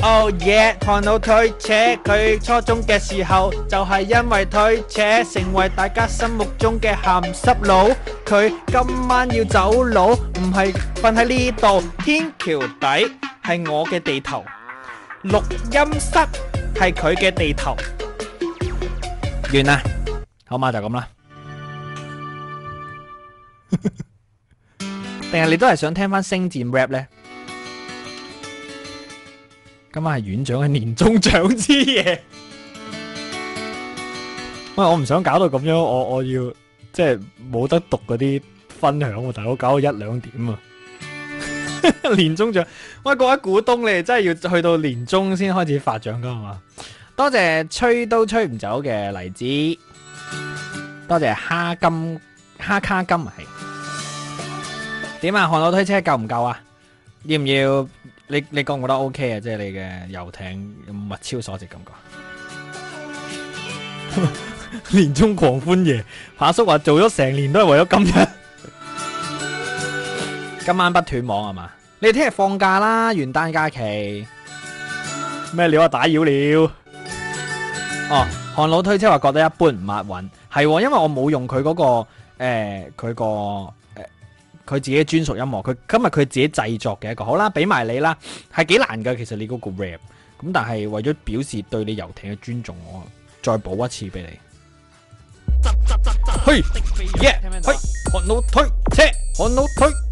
哦耶！看到推扯佢初中嘅時候就係因為推扯成為大家心目中嘅鹹濕佬。佢今晚要走佬，唔係瞓喺呢度天橋底係我嘅地頭，錄音室係佢嘅地頭。完啦，好嘛，就咁啦。定係你都係想聽翻星戰 rap 呢？今晚係院長嘅年終獎之夜， 喂，我唔想搞到咁樣，我我要即係冇得讀嗰啲分享，大佬搞到一兩點啊！ 年終獎，喂，各位股東，你哋真係要去到年終先開始發獎噶係嘛？多謝吹都吹唔走嘅荔子，多謝蝦金蝦卡金係點啊？看到推車夠唔夠啊？要唔要？你你覺唔覺得 OK 啊？即係你嘅遊艇物超所值感覺。年 終狂歡夜，阿叔話做咗成年都係為咗今日， 今晚不斷網係嘛？你聽日放假啦，元旦假期咩料啊？打擾了。哦，韓佬推車話覺得一般，唔密運係，因為我冇用佢嗰個誒，佢個。欸佢自己專屬音樂，佢今日佢自己製作嘅一個，好啦，俾埋你啦，係幾難噶，其實你嗰個 rap，咁但係為咗表示對你遊艇嘅尊重，我再補一次俾你。抓抓抓抓嘿，yeah，嘿，on the train，yeah，on the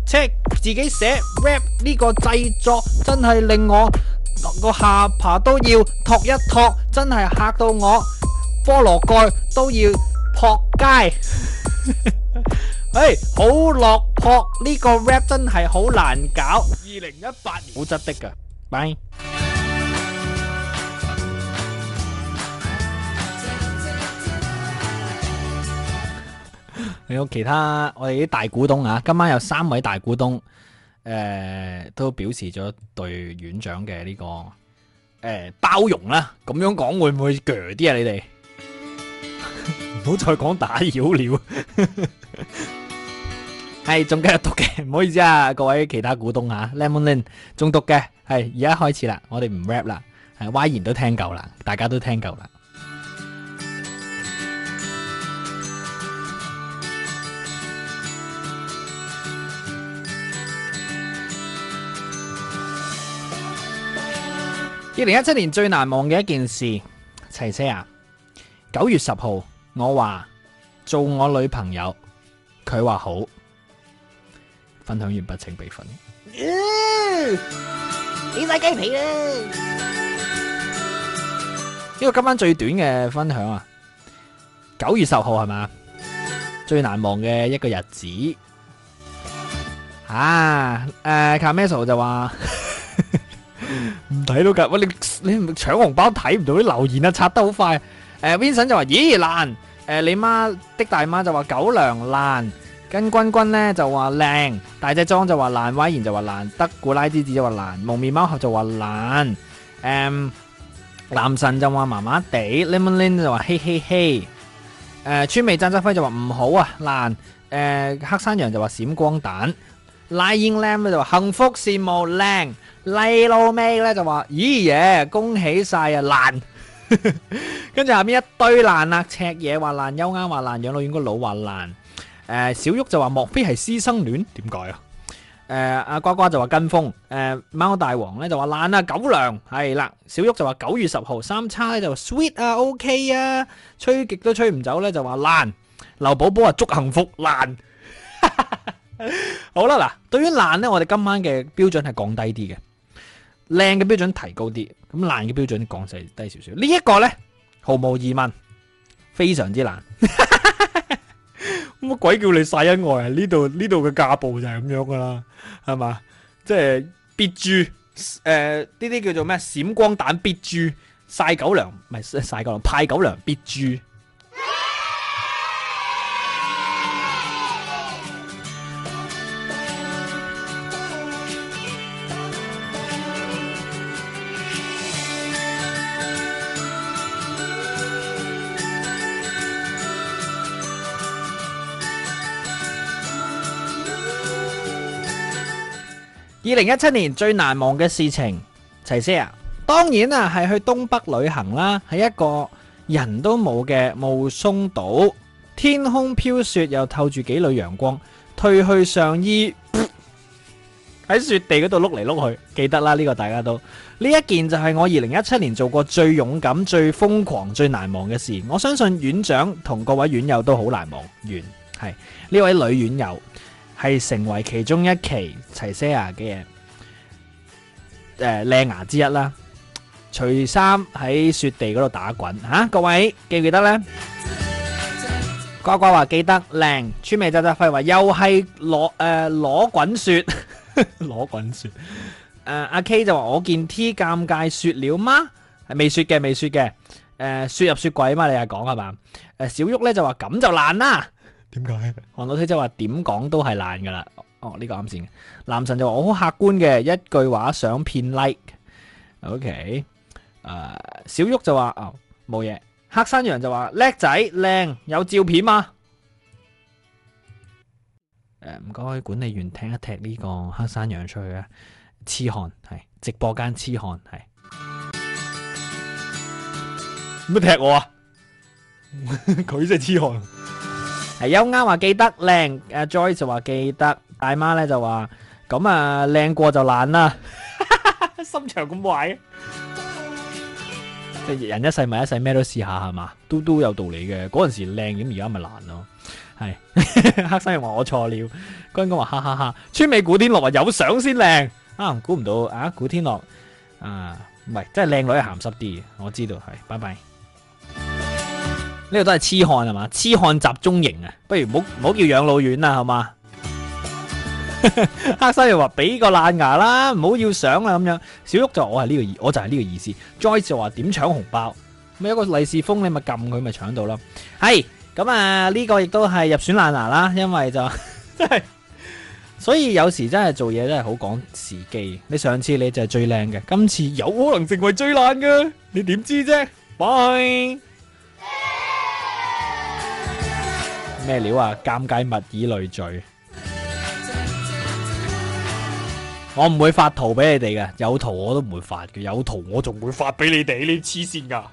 train，自己寫 rap 呢個製作真係令我個下巴都要托一托，真係嚇到我，菠蘿蓋都要撲街。 誒、hey，好落魄，呢個 rap 真係好難搞。二零一八年，好值得㗎，Bye。有其他我哋啲大股東啊，今晚有三位大股東，誒、呃，都表示咗對院長嘅呢、這個誒、呃、包容啦、啊。咁樣講會唔會鋸啲啊？你哋唔好再講打擾了。 係仲繼續讀嘅，唔好意思啊，各位其他股東啊，Lemon Lin 仲讀嘅，係而家開始啦，我哋唔 rap 啦，係歪言都聽夠啦，大家都聽夠啦。二零一七年最難忘嘅一件事，齊車啊！九月十號，我話做我女朋友，佢話好。分享完不請備份，起晒雞皮啦！呢個今晚最短嘅分享啊，九月十號係咪？最難忘嘅一個日子啊！誒、啊，卡梅爾就話唔睇到噶，我你你搶紅包睇唔到啲留言啊，刷得好快！誒、啊、，Vincent 就話咦爛，誒、啊、你媽的大媽就話狗糧爛。跟君君咧就話靚，大隻裝就話爛，威然就話爛，德古拉之子就話爛，蒙面貓俠就話爛，誒、嗯、男神就話麻麻地，Lemon Lin 就話嘿嘿嘿，誒川味炸汁輝就話唔好啊爛，誒、呃、黑山羊就話閃光彈，Lion Lamb 就話幸福羨慕靚，麗露妹咧就話咦嘢、yeah, 恭喜晒啊爛， 跟住下面一堆爛啊，赤嘢話爛，優啱話爛，養老院個佬話爛。誒、呃，小旭就話莫非係師生戀？點解啊？誒、呃，阿瓜瓜就話跟風。誒、呃，貓、呃呃呃、大王咧就話爛啊，狗糧係啦。小旭就話九月十號三叉咧就 sweet 啊，ok 啊，吹極都吹唔走咧就話爛。劉寶寶話祝幸福爛。 好啦，嗱，對於爛咧，我哋今晚嘅標準係降低啲嘅，靚嘅標準提高啲，咁爛嘅標準降低低少少。這個、呢一個咧，毫無疑問，非常之爛。 乜鬼叫你晒恩愛啊？呢度呢度嘅架步就係咁樣噶啦，係嘛？即係必豬，誒呢啲叫做咩？閃光彈必豬，晒狗糧，唔係晒狗糧派狗糧必豬。二零一七年最難忘嘅事情，齊 Sir 啊，當然啦、啊、係去東北旅行啦，喺一個人都冇嘅霧凇島，天空飄雪又透住幾縷陽光，褪去上衣喺雪地嗰度碌嚟碌去，記得啦呢、這個大家都呢一件就係我二零一七年做過最勇敢、最瘋狂、最難忘嘅事，我相信院長同各位院友都好難忘。完，係呢位女院友。係成為其中一期齊些牙嘅誒靚牙之一啦。除衫喺雪地嗰度打滾吓，各位記唔記得咧？乖乖話記得靚，穿咩衫衫？廢話又係攞誒攞滾雪，攞滾雪。誒阿 K 就話我見 T 尷尬雪了嗎？係未雪嘅未雪嘅。誒雪入雪櫃啊嘛，你係講係嘛？誒小旭咧就話咁就爛啦。點解？韓老師就係話點講都係爛噶啦。哦，呢、這個啱先。男神就話我好客觀嘅，一句話想騙 like。OK，誒、呃，小玉就話哦冇嘢。黑山羊就話叻仔靚，有照片嘛、啊？誒，唔該，管理員踢一踢呢個黑山羊出去啊！痴漢係直播間痴漢係。乜踢我啊？佢真係痴漢。 係優啱話記得靚，阿 Joy 就話記得，大媽咧就話咁啊靚過就爛啦， 心腸咁壞啊！即係、 就是、人一世咪一世咩都試下係嘛？都都有道理嘅。嗰陣時靚咁而家咪難咯，係黑生人話我錯了，軍哥話哈哈哈，村美古天樂話有相先靚，啊估唔到啊古天樂啊唔係，真係靚女係鹹濕啲我知道係，拜拜。呢個都係痴漢係嘛，痴漢集中營啊！不如唔好唔好叫養老院啦，係嘛？ 黑犀又話俾個爛牙啦，唔好要相啊咁樣。小玉就說我係呢、這個意，我就係呢個意思。Joyce 就話點搶紅包，咪有個利是封你咪撳佢咪搶到啦。係咁啊，呢、這個亦都係入選爛牙啦，因為就即係， 所以有時真係做嘢真係好講時機。你上次你就係最靚嘅，今次有可能成為最爛嘅，你點知啫？Bye。咩料啊？尷尬物以類聚，我唔會發圖俾你哋嘅。有圖我都唔會發，嘅有圖我仲會發俾你哋？你黐線噶！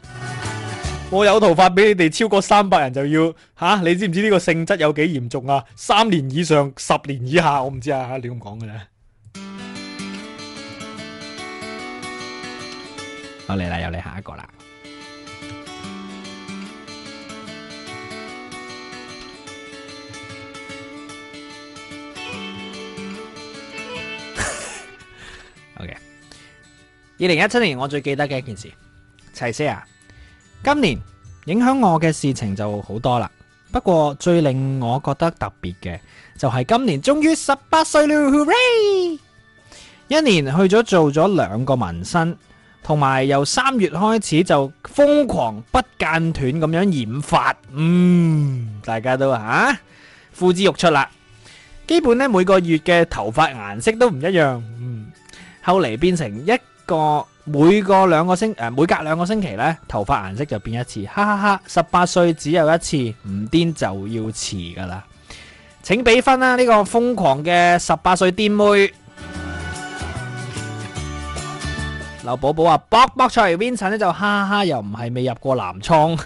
我有圖發俾你哋超過三百人就要嚇、啊？你知唔知呢個性質有幾嚴重啊？三年以上，十年以下，我唔知啊嚇，亂咁講嘅啫。好，嚟啦，又嚟下一個啦。嘅二零一七年，我最記得嘅一件事，齊 Sir 啊，今年影響我嘅事情就好多啦。不過最令我覺得特別嘅，就係今年終於十八歲了，Hooray！一年去咗做咗兩個紋身，同埋由三月開始就瘋狂不間斷咁樣染發，嗯，大家都啊，呼之欲出啦。基本呢每個月嘅頭髮顏色都唔一樣。後嚟變成一個每個兩個星誒、呃、每隔兩個星期咧，頭髮顏色就變一次，哈哈哈！十八歲只有一次，唔癲就要遲㗎喇！請畀分啦、啊，呢、呢個瘋狂嘅十八歲癲妹劉 寶寶啊，搏搏菜 v i n 呢？Vincent，就哈哈，又唔係未入過南倉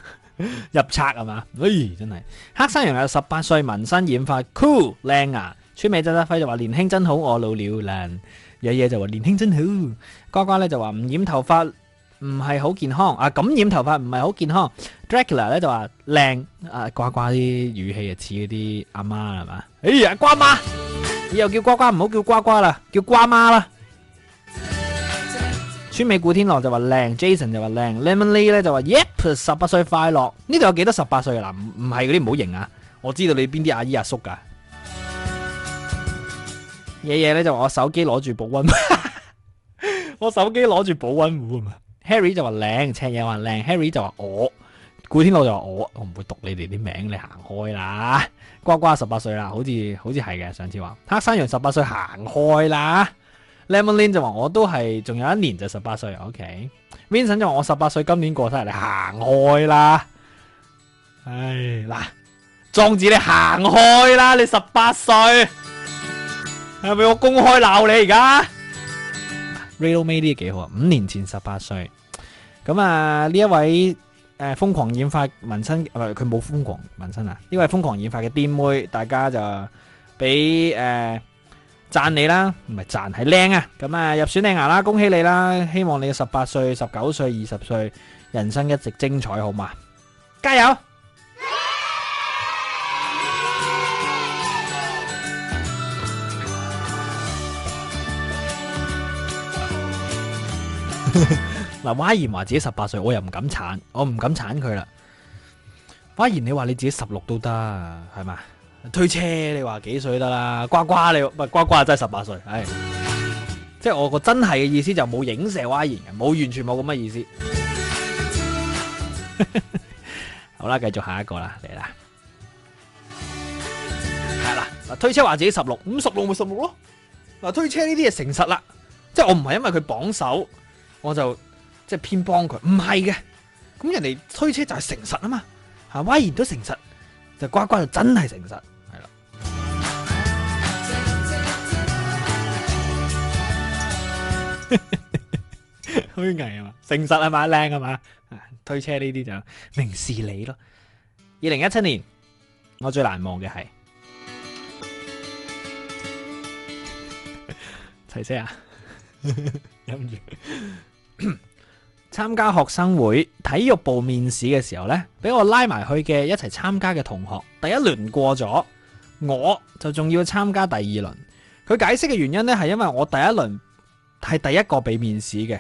入冊係嘛？哎，真係黑山羊有十八歲紋身染髮，cool 靚啊！村美周德輝就話年輕真好，我老了靚。有嘢就話年輕真好，瓜瓜咧就話唔染頭髮唔係好健康，啊咁染頭髮唔係好健康。Dracula 咧就話靚，啊瓜瓜啲語氣啊似嗰啲阿媽係嘛？哎呀瓜媽，以後叫瓜瓜唔好叫瓜瓜啦，叫瓜媽啦。川美古天樂就話靚，Jason 就話靚，Lemonley 咧就話 p 十八歲快樂。呢度有幾多十八歲啊？唔係嗰啲唔好認啊，我知道你邊啲阿姨阿叔噶。嘢嘢咧就話我手機攞住保溫， 我手機攞住保溫壺啊！Harry 就話靚，赤嘢話靚，Harry 就話我，古天樂就話我，我唔會讀你哋啲名，你行開啦！瓜瓜十八歲啦，好似好似係嘅，上次話黑山羊十八歲行開啦！Lemon Lin 就話我都係，仲有一年就十八歲，OK，Vinson、OK、就話我十八歲今年過生日，你行開啦！唉，嗱，莊子你行開啦，你十八歲。係咪我公開鬧你而家？Rado 妹呢個幾好啊，五年前十八歲，咁啊呢一位誒瘋狂染發紋身，唔係佢冇瘋狂紋身啊，呢位瘋狂染發嘅癲妹，大家就俾誒讚你啦，唔係讚係靚啊，咁啊入選靚牙啦，恭喜你啦，希望你嘅十八歲、十九歲、二十歲，人生一直精彩，好嗎？加油！嗱，歪言話自己十八歲，我又唔敢鏟，我唔敢鏟佢啦。歪言你話你自己十六都得係嘛？推車，你話幾歲得啦？呱呱你，你唔係呱呱，呱呱真係十八歲，係即係我個真係嘅意思就冇影射歪言，冇完全冇咁嘅意思。 好啦，繼續下一個啦，嚟啦，係啦，推車話自己十六，五十六咪十六咯。嗱，推車呢啲嘢誠實啦，即係我唔係因為佢榜首。我就即係偏幫佢，唔係嘅。咁人哋推車就係誠實啊嘛，吓威然都誠實，就乖乖就真係誠實，係咯。虛偽啊嘛，誠 實啊嘛，靚啊嘛，推車呢啲就明示你咯。二零一七年，我最難忘嘅係齊車啊！ 跟 參加學生會體育部面試嘅時候呢，俾我拉埋去嘅一齊參加嘅同學，第一輪過咗，我就仲要參加第二輪。佢解釋嘅原因呢係因為我第一輪係第一個俾面試嘅，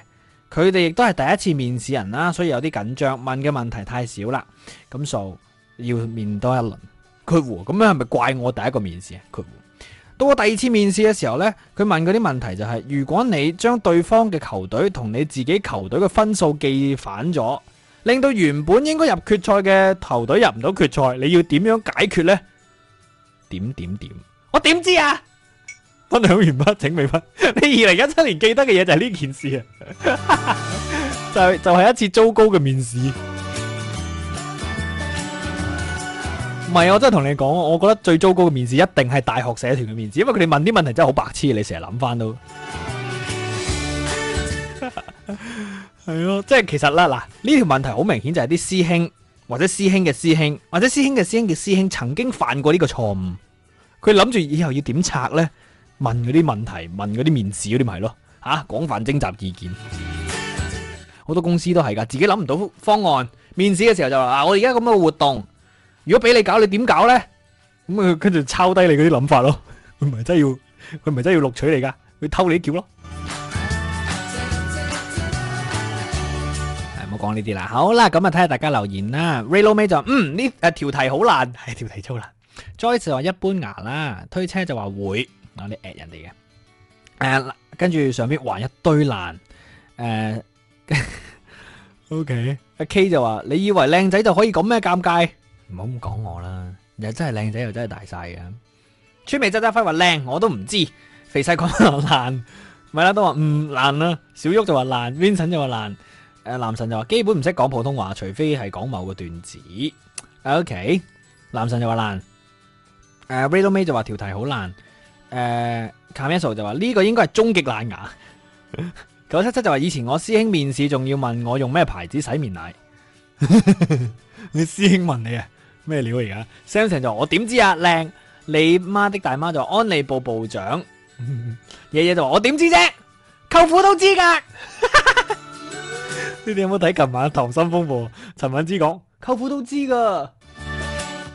佢哋亦都係第一次面試人啦，所以有啲緊張，問嘅問題太少啦，咁就、so, 要面多一輪。括弧咁樣係咪怪我第一個面試啊？括弧。到我第二次面試嘅時候呢，佢問嗰啲問題就係：如果你將對方嘅球隊同你自己球隊嘅分數記反咗，令到原本應該入決賽嘅球隊入唔到決賽，你要點樣解決呢？點點點？我點知啊？分享完畢，請未畢？你二零一七年記得嘅嘢就係呢件事啊！ 就係、就係、一次糟糕嘅面試。唔係，我真係同你講，我覺得最糟糕嘅面試一定係大學社團嘅面試，因為佢哋問啲問題真係好白癡，你成日諗翻都係咯、 哦。即係其實啦，嗱呢條問題好明顯就係啲師兄或者師兄嘅師兄或者師兄嘅師兄嘅師兄曾經犯過呢個錯誤，佢諗住以後要點拆呢？問嗰啲問題，問嗰啲面試嗰啲咪係咯吓？啊、廣泛徵集意見，好 多公司都係噶，自己諗唔到方案，面試嘅時候就話啊，我而家咁嘅活動。如果俾你搞，你點搞咧？咁佢跟住抄低你嗰啲諗法咯。佢唔係真要，佢唔係真要錄取你噶，佢偷你橋咯。係，唔好講呢啲啦。好啦，咁啊睇下大家留言啦。Raylow 咩就嗯呢？誒，條題好難，係條題超難。Joyce 就話一般難啦，推車就話會。嗱，你 at 人哋嘅。誒，跟住上邊還一堆難。誒，OK，阿 K 就話你以為靚仔就可以咁咩尷尬？唔好咁講我啦，又真係靚仔又真係大晒嘅。川美渣渣輝話靚，我都唔知。肥西講爛，米拉都話唔爛啦。小旭就話爛，Vincent 就話爛。誒，男神就話基本唔識講普通話，除非係講某個段子。OK，男神就話爛。誒，Willow 妹就話條題好爛。誒，Camus 就話呢個應該係終極爛牙。 九七七就話以前我師兄面試仲要問我用咩牌子洗面奶。 你師兄問你啊？咩料而家？Samson 就我點知啊？靚你媽的大媽就安利部部長，爺 爺就話我點知啫、啊？舅父都知噶， 你哋有冇睇？琴晚溏心風暴，陳敏之講舅父都知噶，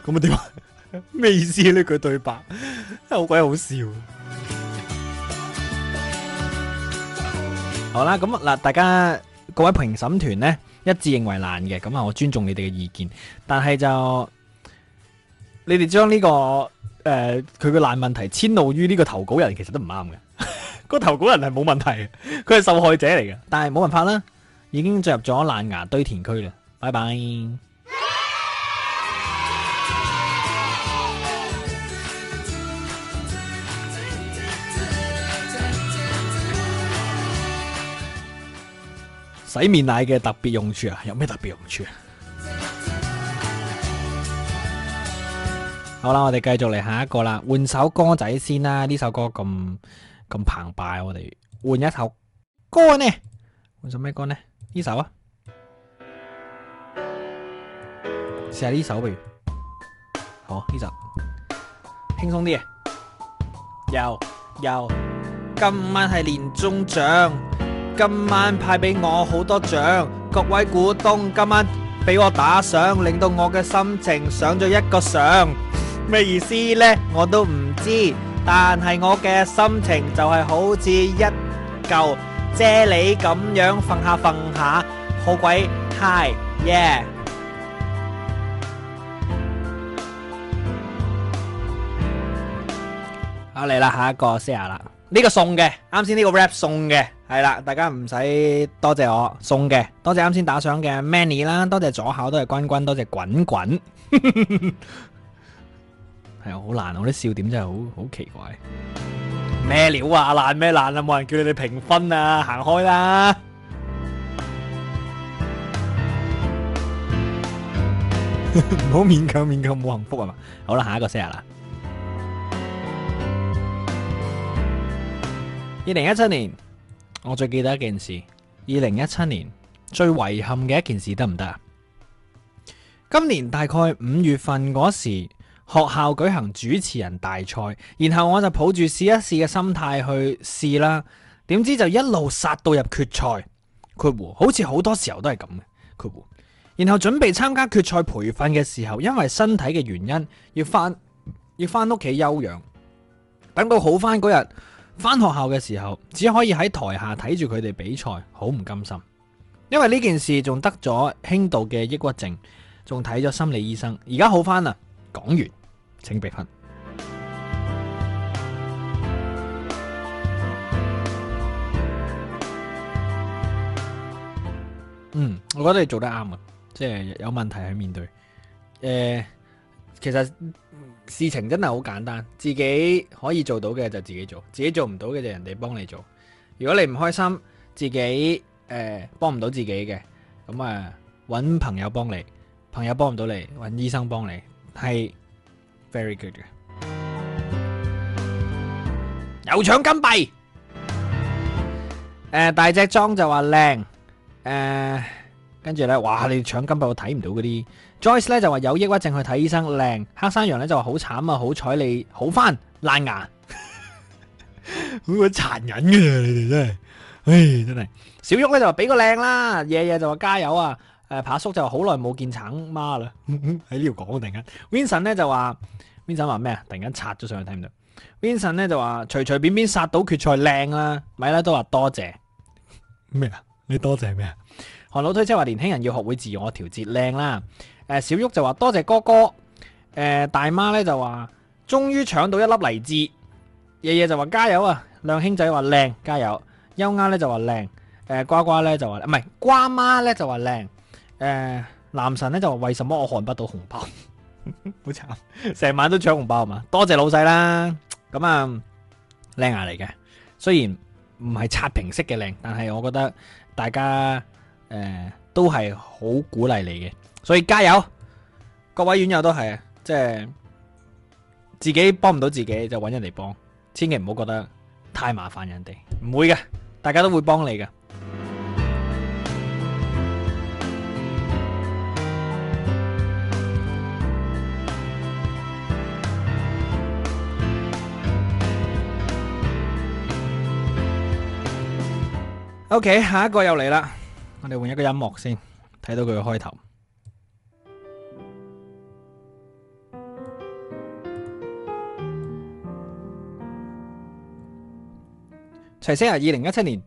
咁啊點啊？咩意思呢句對白？ 好鬼好笑、啊。好啦，咁嗱，大家各位評審團呢，一致認為難嘅，咁啊我尊重你哋嘅意見，但係就。你哋將呢個誒佢個爛問題遷怒於呢個投稿人，其實都唔啱嘅。個投稿人係冇問題，佢係受害者嚟嘅，但係冇辦法啦，已經進入咗爛牙堆填區啦。拜拜。 洗面奶嘅特別用處啊，有咩特別用處啊？好啦，我哋繼續嚟下一個啦，換首歌仔先啦。呢首歌咁咁澎湃，啊，我哋換一首歌呢？換首咩歌呢？呢首啊，試下呢首不如，好呢首，輕鬆啲。又又，今晚係年終獎，今晚派俾我好多獎，各位股東今晚俾我打賞，令到我嘅心情上咗一個上。咩意思呢？我都唔知，但係我嘅心情就係好似一嚿啫喱咁樣，瞓下瞓下，好鬼嗨耶！啊好嚟啦，下一個先。下 r 啦，呢個送嘅，啱先呢個 rap 送嘅，係啦，大家唔使多謝我送嘅，多謝啱先打賞嘅 Manny 啦，多謝左考，多謝君君，多謝滾滾。 係啊，好難，我啲笑點真係好好奇怪。咩料啊？爛咩爛啊？冇人叫你哋評分啊，行開啦！唔 好勉強，勉強冇幸福啊嘛。好啦，下一個 share 啦。二零一七年，我最記得一件事。二零一七年最遺憾嘅一件事得唔得啊？今年大概五月份嗰時。學校舉行主持人大賽，然後我就抱住試一試嘅心態去試啦。點知就一路殺到入決賽，括弧好似好多時候都係咁嘅。括弧。然後準備參加決賽培訓嘅時候，因為身體嘅原因要翻要翻屋企休養。等到好翻嗰日，翻學校嘅時候只可以喺台下睇住佢哋比賽，好唔甘心。因為呢件事仲得咗輕度嘅抑鬱症，仲睇咗心理醫生。而家好翻啦，講完。請避訓。嗯，我覺得你做得啱啊，即係有問題去面對。誒、呃，其實事情真係好簡單，自己可以做到嘅就自己做，自己做唔到嘅就人哋幫你做。如果你唔開心，自己誒幫唔到自己嘅，咁啊搵朋友幫你，朋友幫唔到你，搵醫生幫你係。very good 嘅，有搶金幣。誒，大隻裝就話靚，誒，跟住咧，哇，你搶金幣我睇唔到嗰啲。Joyce 咧就話有抑鬱症去睇醫生靚，黑山羊咧就話好慘啊，好彩你好翻爛牙，好鬼殘忍嘅你哋真係，唉真係。小旭咧就話俾個靚啦，爺爺就話加油啊。誒扒叔就好耐冇見橙媽啦，喺呢度講突然間、ah、Vinson 咧就話 Vinson 話咩啊？突然間擦咗上去睇唔到 Vinson 咧就話隨隨便便殺到決賽靚啦，咪拉都話多謝咩啊？你多謝咩啊？韓老推車話年輕人要學會自我調節靚啦。誒小旭就話多謝哥哥。誒、嗯、大媽咧就話終於搶到一粒荔枝。爺爺就話加油啊！兩兄仔話靚加油。優丫咧就話靚、well。誒、呃呃呃呃呃呃呃、瓜瓜咧就話唔係瓜媽咧就話靚。jobs そ 誒、呃，男神咧就話：為什麼我看不到紅, 紅包？好慘，成晚都搶紅包嘛？多謝老細啦，咁啊靚牙嚟嘅，雖然唔係刷屏式嘅靚，但係我覺得大家誒、呃、都係好鼓勵你嘅，所以加油！各位院友都係，即係自己幫唔到自己就揾人嚟幫，千祈唔好覺得太麻煩人哋，唔會嘅，大家都會幫你嘅。O、okay, K，下一個又嚟啦，我哋換一個音樂先，睇到佢嘅開頭。齊星 i 二零一七年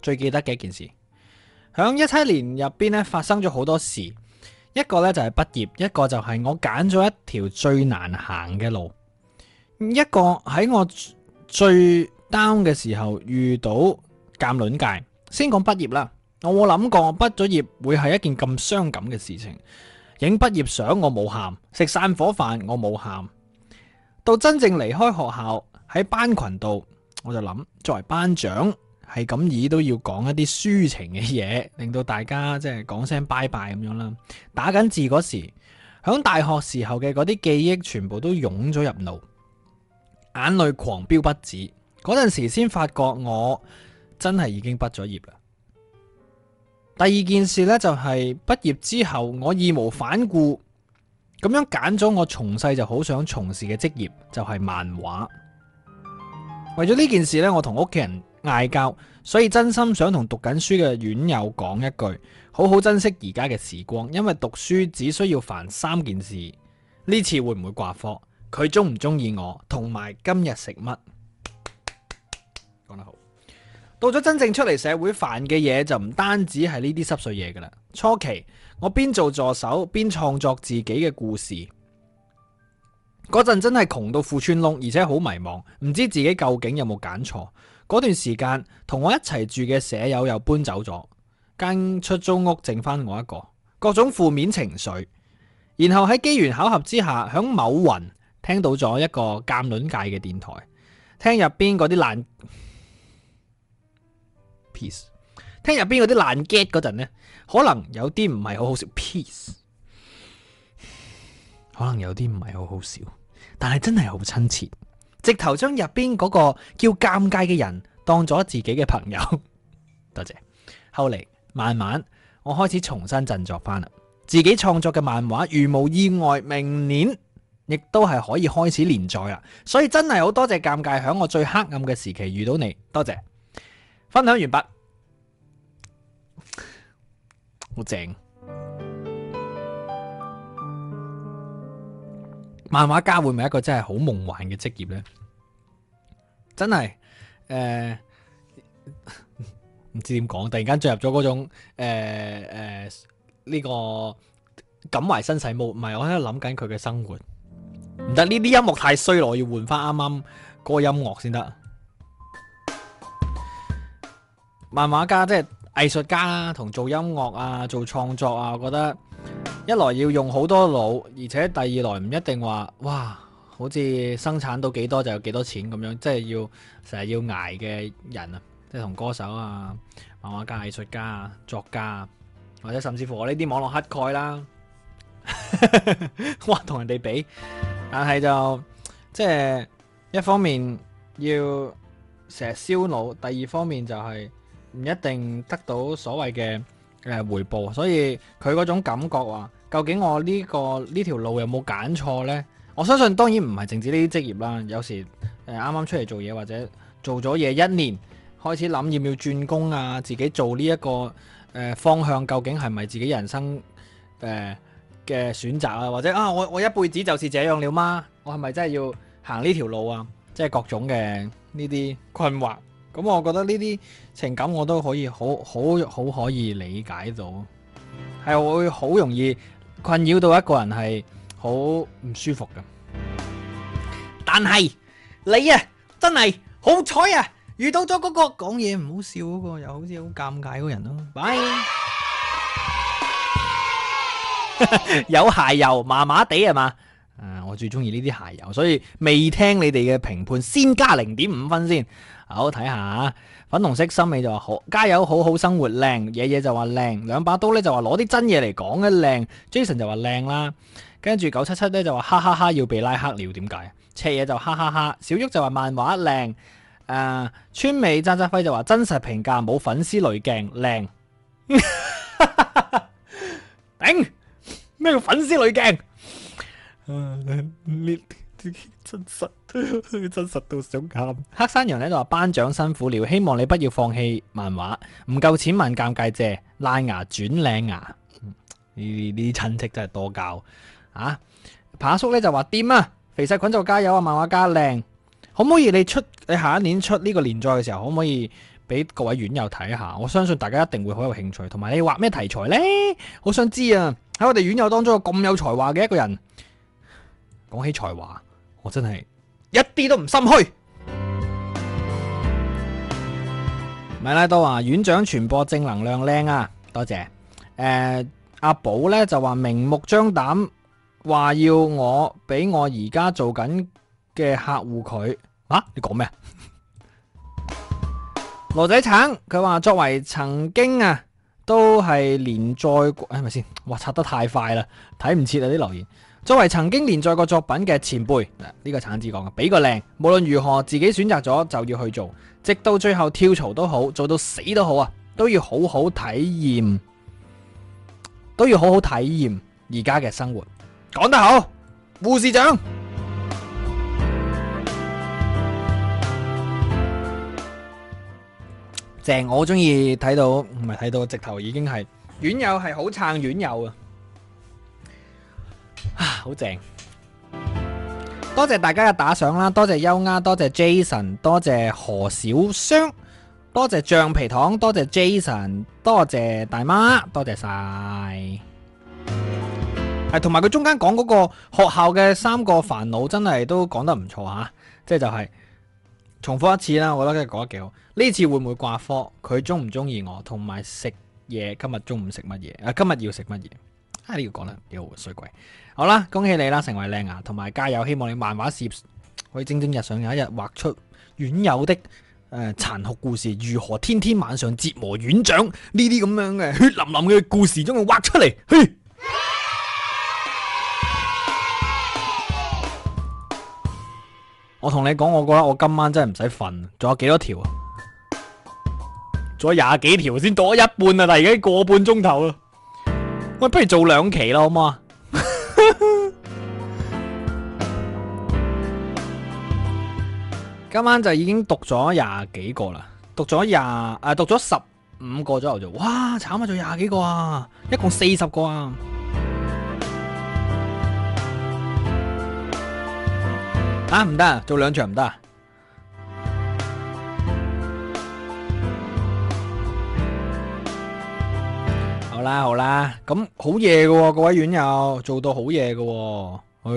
最記得嘅一件事，響一七年入邊咧發生咗好多事，一個咧就係、是、畢業，一個就係我揀咗一條最難行嘅路，一個喺我最 down 嘅時候遇到夾卵界。先講畢業啦，我冇諗過，我畢咗業會係一件咁傷感嘅事情。影畢業相我冇喊，食散伙飯我冇喊。到真正離開學校喺班群度，我就諗，作為班長係咁意都要講一啲抒情嘅嘢，令到大家即係講聲拜拜咁樣啦。打緊字嗰時，響大學時候嘅嗰啲記憶全部都湧咗入腦，眼淚狂飆不止。嗰陣時先發覺我。真係已經畢咗業啦！第二件事呢，就係畢業之後，我義無反顧咁樣揀咗我從細就好想從事嘅職業，就係漫畫。為咗呢件事呢，我同屋企人嗌交，所以真心想同讀緊書嘅院友講一句：好好珍惜而家嘅時光，因為讀書只需要煩三件事。呢次會唔會掛科？佢鍾唔鍾意我？同埋今日食乜？到咗真正出嚟社會，煩嘅嘢，就唔單止係呢啲濕碎嘢㗎喇。初期我邊做助手邊創作自己嘅故事，嗰陣真係窮到褲穿窿，而且好迷茫，唔知自己究竟有冇揀錯。嗰段時間同我一齊住嘅舍友又搬走咗，間出租屋剩翻我一個，各種負面情緒。然後喺機緣巧合之下，響某雲聽到咗一個鑒論界嘅電台，聽入邊嗰啲爛。Peace. 聽入邊嗰啲爛 get 嗰陣呢，可能有啲唔係好好笑。peace，可能有啲唔係好好笑，但係真係好親切，直頭將入邊嗰個叫尷尬嘅人當咗自己嘅朋友。多謝。後嚟慢慢我開始重新振作翻啦，自己創作嘅漫畫，如無意外，明年亦都係可以開始連載啦。所以真係好多謝尷尬，喺我最黑暗嘅時期遇到你。多謝。分享完畢，好正！漫畫家會唔係一個真係好夢幻嘅職業呢？真係，誒、呃，唔知點講，突然間進入咗嗰種誒誒呢個感懷身世、無唔係，我喺度諗緊佢嘅生活。唔得，呢啲音樂太衰咯，要換翻啱啱個音樂先得。漫畫家即係藝術家同做音樂啊、做創作啊，我覺得一來要用好多腦，而且第二來唔一定話哇，好似生產到幾多就有幾多錢咁樣，即係要成日要捱嘅人啊，即係同歌手啊、漫畫家、藝術家啊、作家啊，或者甚至乎我呢啲網絡乞丐啦，我 同人哋比，但係就即係一方面要成日燒腦，第二方面就係、是。唔一定得到所謂嘅誒回報，所以佢嗰種感覺啊，究竟我呢個呢條路有冇揀錯呢？我相信當然唔係淨止呢啲職業啦，有時誒啱啱出嚟做嘢或者做咗嘢一年，開始諗要唔要轉工啊，自己做呢一個誒方向究竟係咪自己人生誒嘅選擇啊？或者啊，我我一輩子就是這樣了嗎？我係咪真係要行呢條路啊？即係各種嘅呢啲困惑。咁，我覺得呢啲情感我都可以好好好可以理解到，係會好容易困擾到一個人，係好唔舒服噶。但係你啊，真係好彩啊，遇到咗嗰個講嘢唔好笑嗰個，又好似好尷尬嗰個人咯、啊。拜、啊、 有鞋油，麻麻地係嘛？誒、嗯，我最中意呢啲鞋油，所以未聽你哋嘅評判，先加零點五分先。好睇下、啊、粉紅色心美就話好加油，好好生活靚。爺爺就話靚。兩把刀咧就話攞啲真嘢嚟講嘅靚。Jason 就話靚啦，跟住九七七咧就話哈哈哈要被拉黑了點解啊？赤嘢就哈哈哈，小旭就話漫畫靚，誒、呃，川美渣渣輝就話真實評價冇粉絲濾鏡靚。頂咩 叫粉絲濾鏡？ 真實，真實到想喊。黑山羊咧就話班長辛苦了，希望你不要放棄漫畫。唔夠錢問尷尬借，拉牙轉靚牙。呢啲親戚真係多教啊！爬叔咧就話掂啊，肥細菌就加油啊！漫畫家靚，可唔可以你出你下一年出呢個連載嘅時候，可唔可以俾各位院友睇下？我相信大家一定會好有興趣。同埋你畫咩題材呢？好想知啊！喺我哋院友當中咁有，有才華嘅一個人，講起才華。我真係一啲都唔心虛。米拉多啊，院長傳播正能量靚啊，多謝。誒、呃，阿寶呢就話明目張膽話要我俾我而家做緊嘅客戶佢啊，你講咩？羅仔橙佢話作為曾經啊，都係連載誒，係咪、哎、先哇，刷得太快啦，睇唔切啊啲留言。作為曾經連載過作品嘅前輩，嗱、這、呢個橙子講嘅，俾個靚。無論如何，自己選擇咗就要去做，直到最後跳槽都好，做到死都好啊，都要好好體驗，都要好好體驗而家嘅生活。講得好，護士長。正，我中意睇到唔係睇到，不是看到直頭已經係，院友係好撐院友啊。啊，好正！多謝大家嘅打賞啦，多謝優丫，多謝 Jason，多謝何小雙，多謝橡皮糖，多謝 Jason，多謝大媽，多謝晒。係同埋佢中間講嗰個學校嘅三個煩惱，真係都講得唔錯吓。即係就係、是、重複一次啦，我覺得今日講得幾好。呢次會唔會掛科？佢中唔中意我？同埋食嘢，今日中午食乜嘢？啊，今日要食乜嘢？啊，呢個講得幾好，衰鬼。好啦，恭喜你啦，成為靚牙同埋加油！希望你漫畫事業可以蒸蒸日上，有一日畫出院友的誒、呃、殘酷故事，如何天天晚上折磨院長呢啲咁樣嘅血淋淋嘅故事，將佢畫出嚟。嘿，我同你講，我覺得我今晚真係唔使瞓，仲有幾多條啊？仲有做咗廿幾條先到咗一半啊！但係而家過半鐘頭啦，喂，不如做兩期啦，好唔好啊？今晚就已經讀咗廿幾個啦、啊，讀咗廿誒，讀咗十五個左右就，哇慘啊，仲有廿幾個啊，一共四十個啊，啊，啊唔得做兩場唔得。好啦好啦，咁好夜嘅，各位院友做到好夜嘅，唉，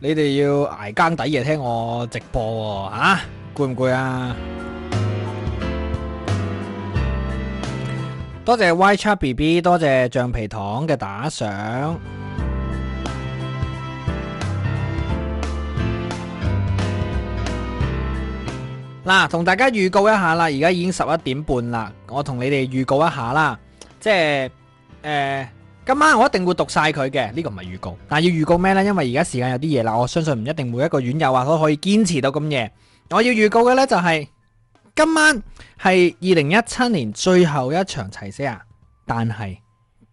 你哋要捱更抵夜聽我直播啊？攰唔攰啊？ 多謝 y c h a t B B，多謝橡皮糖嘅打賞。嗱，同大家預告一下啦，而家已經十一點半啦，我同你哋預告一下啦，即係、呃、今晚我一定會讀晒佢嘅，呢、這個唔係預告。但係要預告咩呢？因為而家時間有啲夜啦，我相信唔一定每一個院友話都可以堅持到咁夜。我要預告嘅呢、就是，就係今晚係二零一七年最後一場齊些牙啊！但係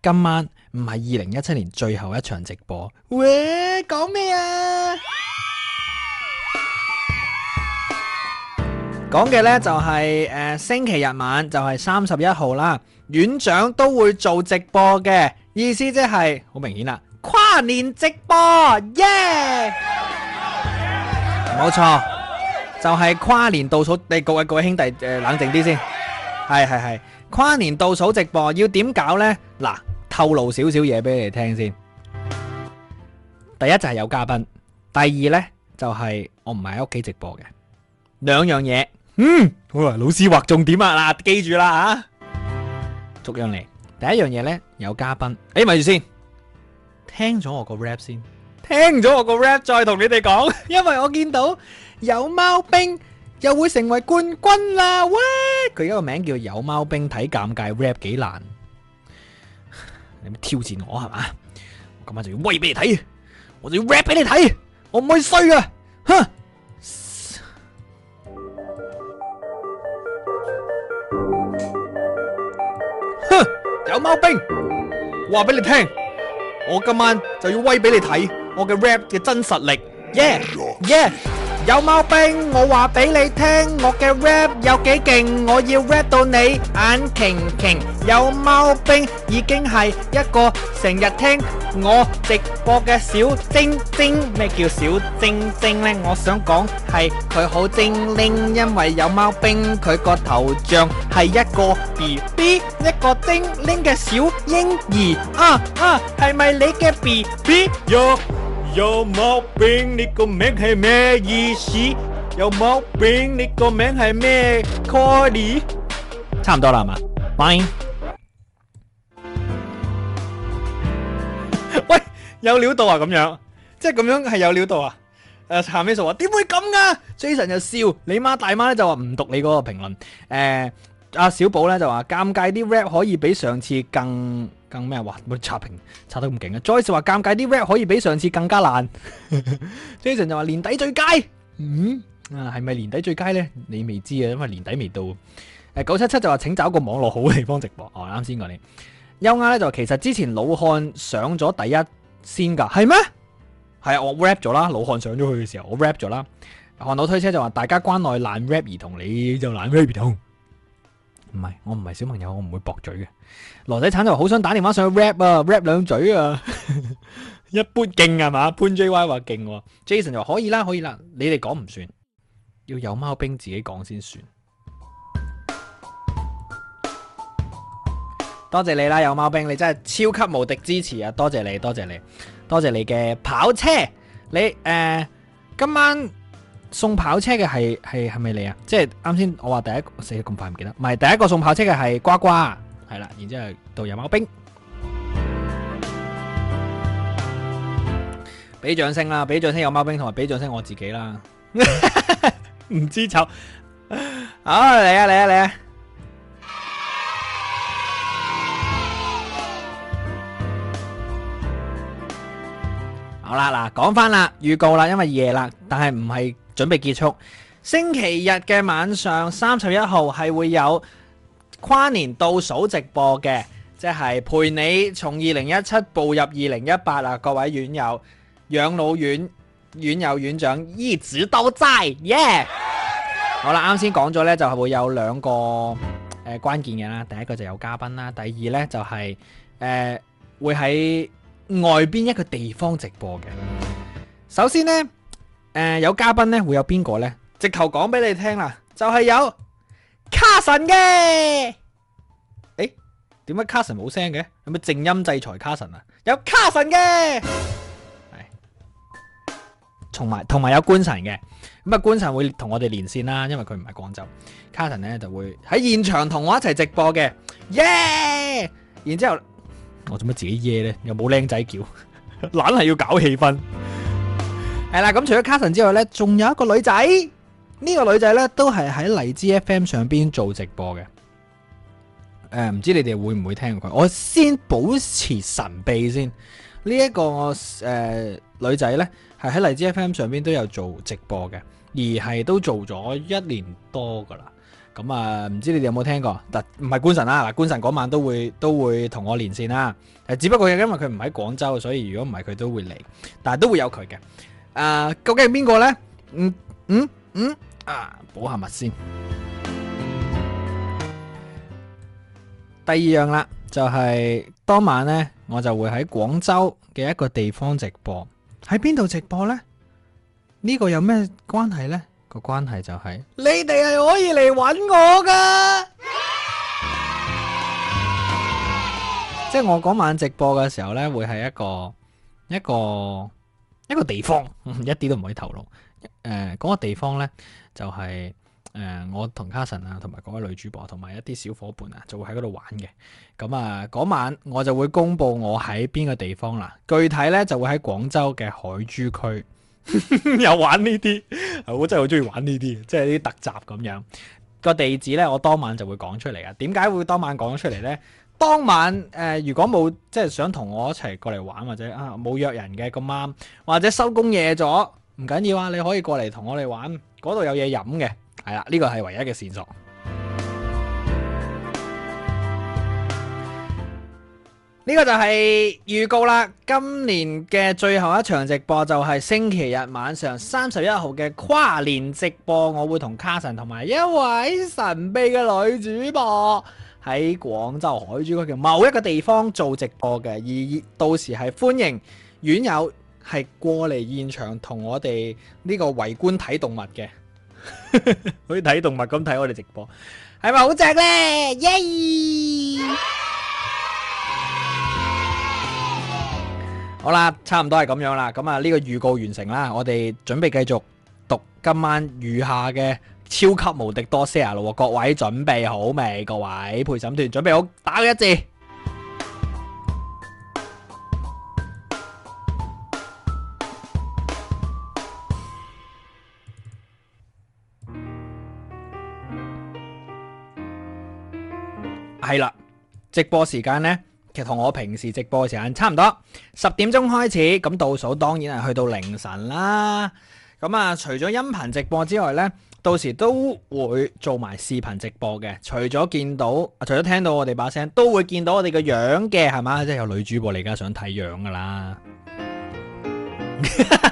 今晚唔係二零一七年最後一場直播。喂，講咩啊？講嘅呢就係，誒星期日晚就係三十一號啦，院長都會做直播嘅，意思即係好明顯啦，跨年直播，耶！冇錯，就係跨年倒數，你各位各位兄弟誒冷靜啲先，係係係，跨年倒數直播要點搞呢？嗱，透露少少嘢俾你聽先。第一就係有嘉賓，第二呢就係我唔係喺屋企直播嘅，兩樣嘢。嗯，好啊，老師畫重點啊，嗱，記住啦啊，逐樣嚟。第一樣嘢咧有嘉賓，誒，咪住先，聽咗我個 rap 先，聽咗我個 rap 再同你哋講，因為我見到有貓兵又會成為冠軍啦，喂，佢而家個名叫有貓兵，睇尷尬 rap 幾難，你咪挑戰我係嘛？我今晚就要威俾你睇，我就要 rap 俾你睇，我唔可以衰噶，哼。哼，有貓兵，話俾你聽，我今晚就要威俾你睇我嘅 rap 嘅真實力，yeah，yeah。有貓兵，我話俾你聽，我嘅 rap 有幾勁，我要 rap 到你眼擎擎。有貓兵已經係一個成日聽我直播嘅小精精。咩叫小精精呢？我想講係佢好精靈，因為有貓兵，佢個頭像係一個 bb 一個精靈嘅小嬰兒啊啊，係咪你嘅 bb 喲？有毛病，你個名係咩意思？有毛病，你個名係咩？Cody，差唔多啦係嘛？Bye 喂，有料到啊咁樣，即係咁樣係有料到、呃、下啊？誒，查咩數啊？點會咁噶？Jason 就笑，你媽大媽咧就話唔讀你嗰個評論。誒、呃，阿小寶咧就話尷尬啲 rap 可以比上次更。更咩話哇！刷屏刷得咁勁啊！Joyce 就話尷尬啲 rap 可以比上次更加爛 ，Jason 就話年底最佳。嗯啊，係咪年底最佳咧？你未知啊，因為年底未到。誒九七七就話請找個網絡好地方直播。哦，啱先講你。優雅咧就其實之前老漢上咗第一先㗎，係咩？係啊，我 rap 咗啦。老漢上咗去嘅時候，我 rap 咗啦。看到推車就話大家關愛爛 rap 兒童你，就爛 rap 兒童。唔係，我唔係小朋友，我唔會駁嘴嘅。羅仔橙就好想打電話上去 rap 啊，rap 兩嘴啊， 一般勁啊嘛？潘 J Y 話勁，Jason 就可以啦，可以啦，你哋講唔算，要有貓兵自己講先算。多謝你啦，有貓兵，你真係超級無敵支持啊！多謝你，多謝你，多謝你嘅跑車，你誒、呃，今晚，送跑車嘅，係係係咪你啊？即係啱先，我話第一個死咁快唔記得，唔係第一個送跑車嘅係瓜瓜，係啦，然之後導遊貓兵，俾掌聲啦！俾掌聲有貓兵同埋俾掌聲我自己啦，唔知醜，好嚟啊嚟啊嚟啊！好啦嗱，講翻啦，預告啦，因為夜啦，但係唔係。準備結束，星期日嘅晚上三十一號係會有跨年倒數直播嘅，即係陪你從二零一七步入二零一八喇！各位院友、養老院院友、院長一直都齊，耶、yeah! yeah!！好啦，啱先講咗呢，就係會有兩個誒、呃、關鍵嘅啦，第一個就有嘉賓啦，第二呢就係、是、誒、呃、會喺外邊一個地方直播嘅。首先呢。誒，有嘉賓咧會有邊個咧？直頭講俾你聽啦，就係有卡神嘅。誒，點解卡神冇聲嘅？有冇靜音制裁卡神啊？有卡神嘅，係，同埋同埋有官神嘅。咁啊，官神會同我哋連線啦，因為佢唔喺廣州。卡神咧就會喺現場同我一齊直播嘅。耶！然之後我做乜自己耶咧？又冇靚仔叫，懶係要搞氣氛。係啦，咁除咗卡神之外咧，仲有一個女仔，呢、這個女仔咧都係喺荔枝 FM 上邊做直播嘅。誒、呃，唔知你哋會唔會聽過佢？我先保持神秘先。這個呃、呢一個誒女仔咧，係喺荔枝 FM 上邊都有做直播嘅，而係都做咗一年多㗎喇。咁、嗯、啊，唔知你哋有冇聽過？但唔係官神啦，嗱，官神嗰晚都會都會同我連線啦。誒，只不過因為佢唔喺廣州，所以如果唔係佢都會嚟，但係都會有佢嘅。誒，究竟係邊個呢？嗯嗯嗯，啊，補下物先。第二樣啦，就係當晚呢，我就會喺廣州嘅一個地方直播。喺邊度直播呢？呢個有咩關係呢？個關係就係你哋係可以嚟揾我噶。即係我嗰晚直播嘅時候呢，會係一個一個。一個地方一啲都唔可以透露，誒、呃、嗰、那個地方呢，就係、是、誒、呃、我同卡神啊，同埋嗰位女主播，同埋一啲小伙伴啊，就會喺嗰度玩嘅。咁啊嗰晚我就會公布我喺邊個地方啦。具體呢，就會喺廣州嘅海珠區，又 玩呢啲，我真係好中意玩呢啲，即係啲特集咁樣。個地址呢，我當晚就會講出嚟啊。點解會當晚講出嚟呢？當晚誒、呃，如果冇即係想同我一齊過嚟玩，或者啊冇約人嘅咁啱，或者收工夜咗，唔緊要啊，你可以過嚟同我哋玩，嗰度有嘢飲嘅，係啦，呢個係唯一嘅線索。呢、 呢個就係預告啦，今年嘅最後一場直播就係星期日晚上三十一號嘅跨年直播，我會同卡神同埋一位神秘嘅女主播。喺廣州海珠區嘅某一個地方做直播嘅，而到時係歡迎院友係過嚟現場同我哋呢個圍觀睇動物嘅，可以睇動物咁睇我哋直播，係咪好正咧？yeah! yeah! 耶！好啦，差唔多係咁樣啦，咁啊呢個預告完成啦，我哋準備繼續讀今晚餘下嘅。超級無敵多 share 呀！各位準備好未？各位陪審團準備好打個一字。係啦，直播時間呢，其實同我平時直播時間差唔多，十點鐘開始，咁倒數當然係去到凌晨啦。咁啊，除咗音頻直播之外呢，到時都會做埋視頻直播嘅，除咗見到，除咗聽到我哋把聲，都會見到我哋嘅樣嘅，係嘛？即係有女主播你，你而家想睇樣噶啦？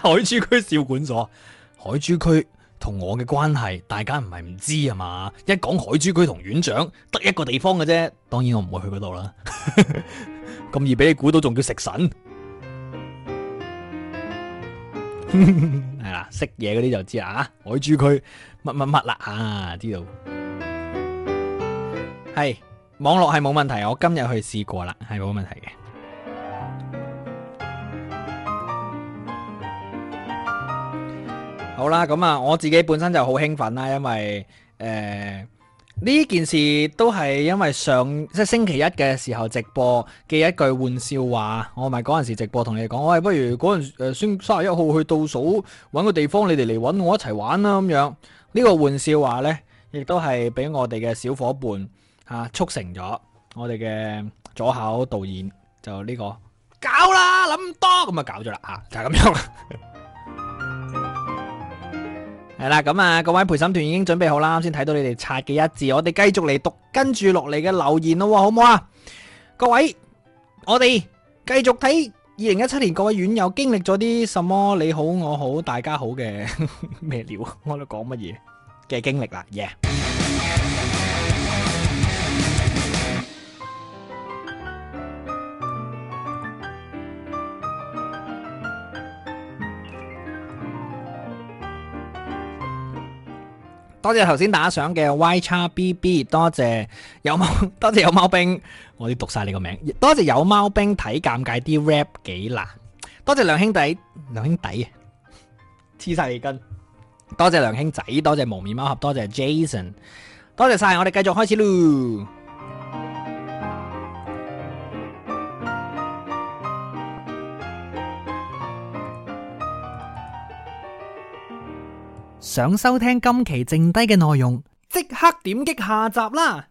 海珠區少管所，海珠區同我嘅關係，大家唔係唔知係嘛？一講海珠區同院長，得一個地方嘅啫。當然我唔會去嗰度啦。咁 易俾你估到，仲叫食神？係 啦，識嘢嗰啲就知啦、啊。海珠區。乜乜乜啦啊！知道係網絡係冇問題，我今日去試過啦，係冇問題嘅。好啦，咁啊，我自己本身就好興奮啦，因為誒呢、呃、件事都係因為上即係星期一嘅時候直播嘅一句玩笑話，我咪嗰陣時直播同你講，係、哎、不如嗰陣誒三十一號去倒數，搵個地方你哋嚟搵我一齊玩啦咁樣。呢個玩笑話呢，亦都係俾我哋嘅小伙伴啊，促成咗我哋嘅，左考導演就呢個搞啦，諗多咁，啊搞咗啦，吓，就係咁樣，係啦，咁啊各位陪審團已經準備好啦，啱先睇到你哋拆嘅一字，我哋繼續嚟，讀跟住落嚟嘅留言咯，好唔好啊？各位，我哋繼續睇。二零一七年各位院友經歷咗啲什麼？你好，我好，大家好嘅咩料？我哋講乜嘢嘅經歷啦？耶！多謝頭先打賞嘅 Y 叉 BB，多謝有矛，多謝有矛兵。我要讀晒你個名，多謝有貓兵睇，尷尬啲 rap 幾難，多謝兩兄弟兩兄弟黐晒你根，多謝兩兄弟，兄弟多兄仔，多謝毛面貓俠，多謝 Jason，多謝晒，我哋繼續開始咯。想收聽今期剩低嘅內容，即刻點擊下集啦！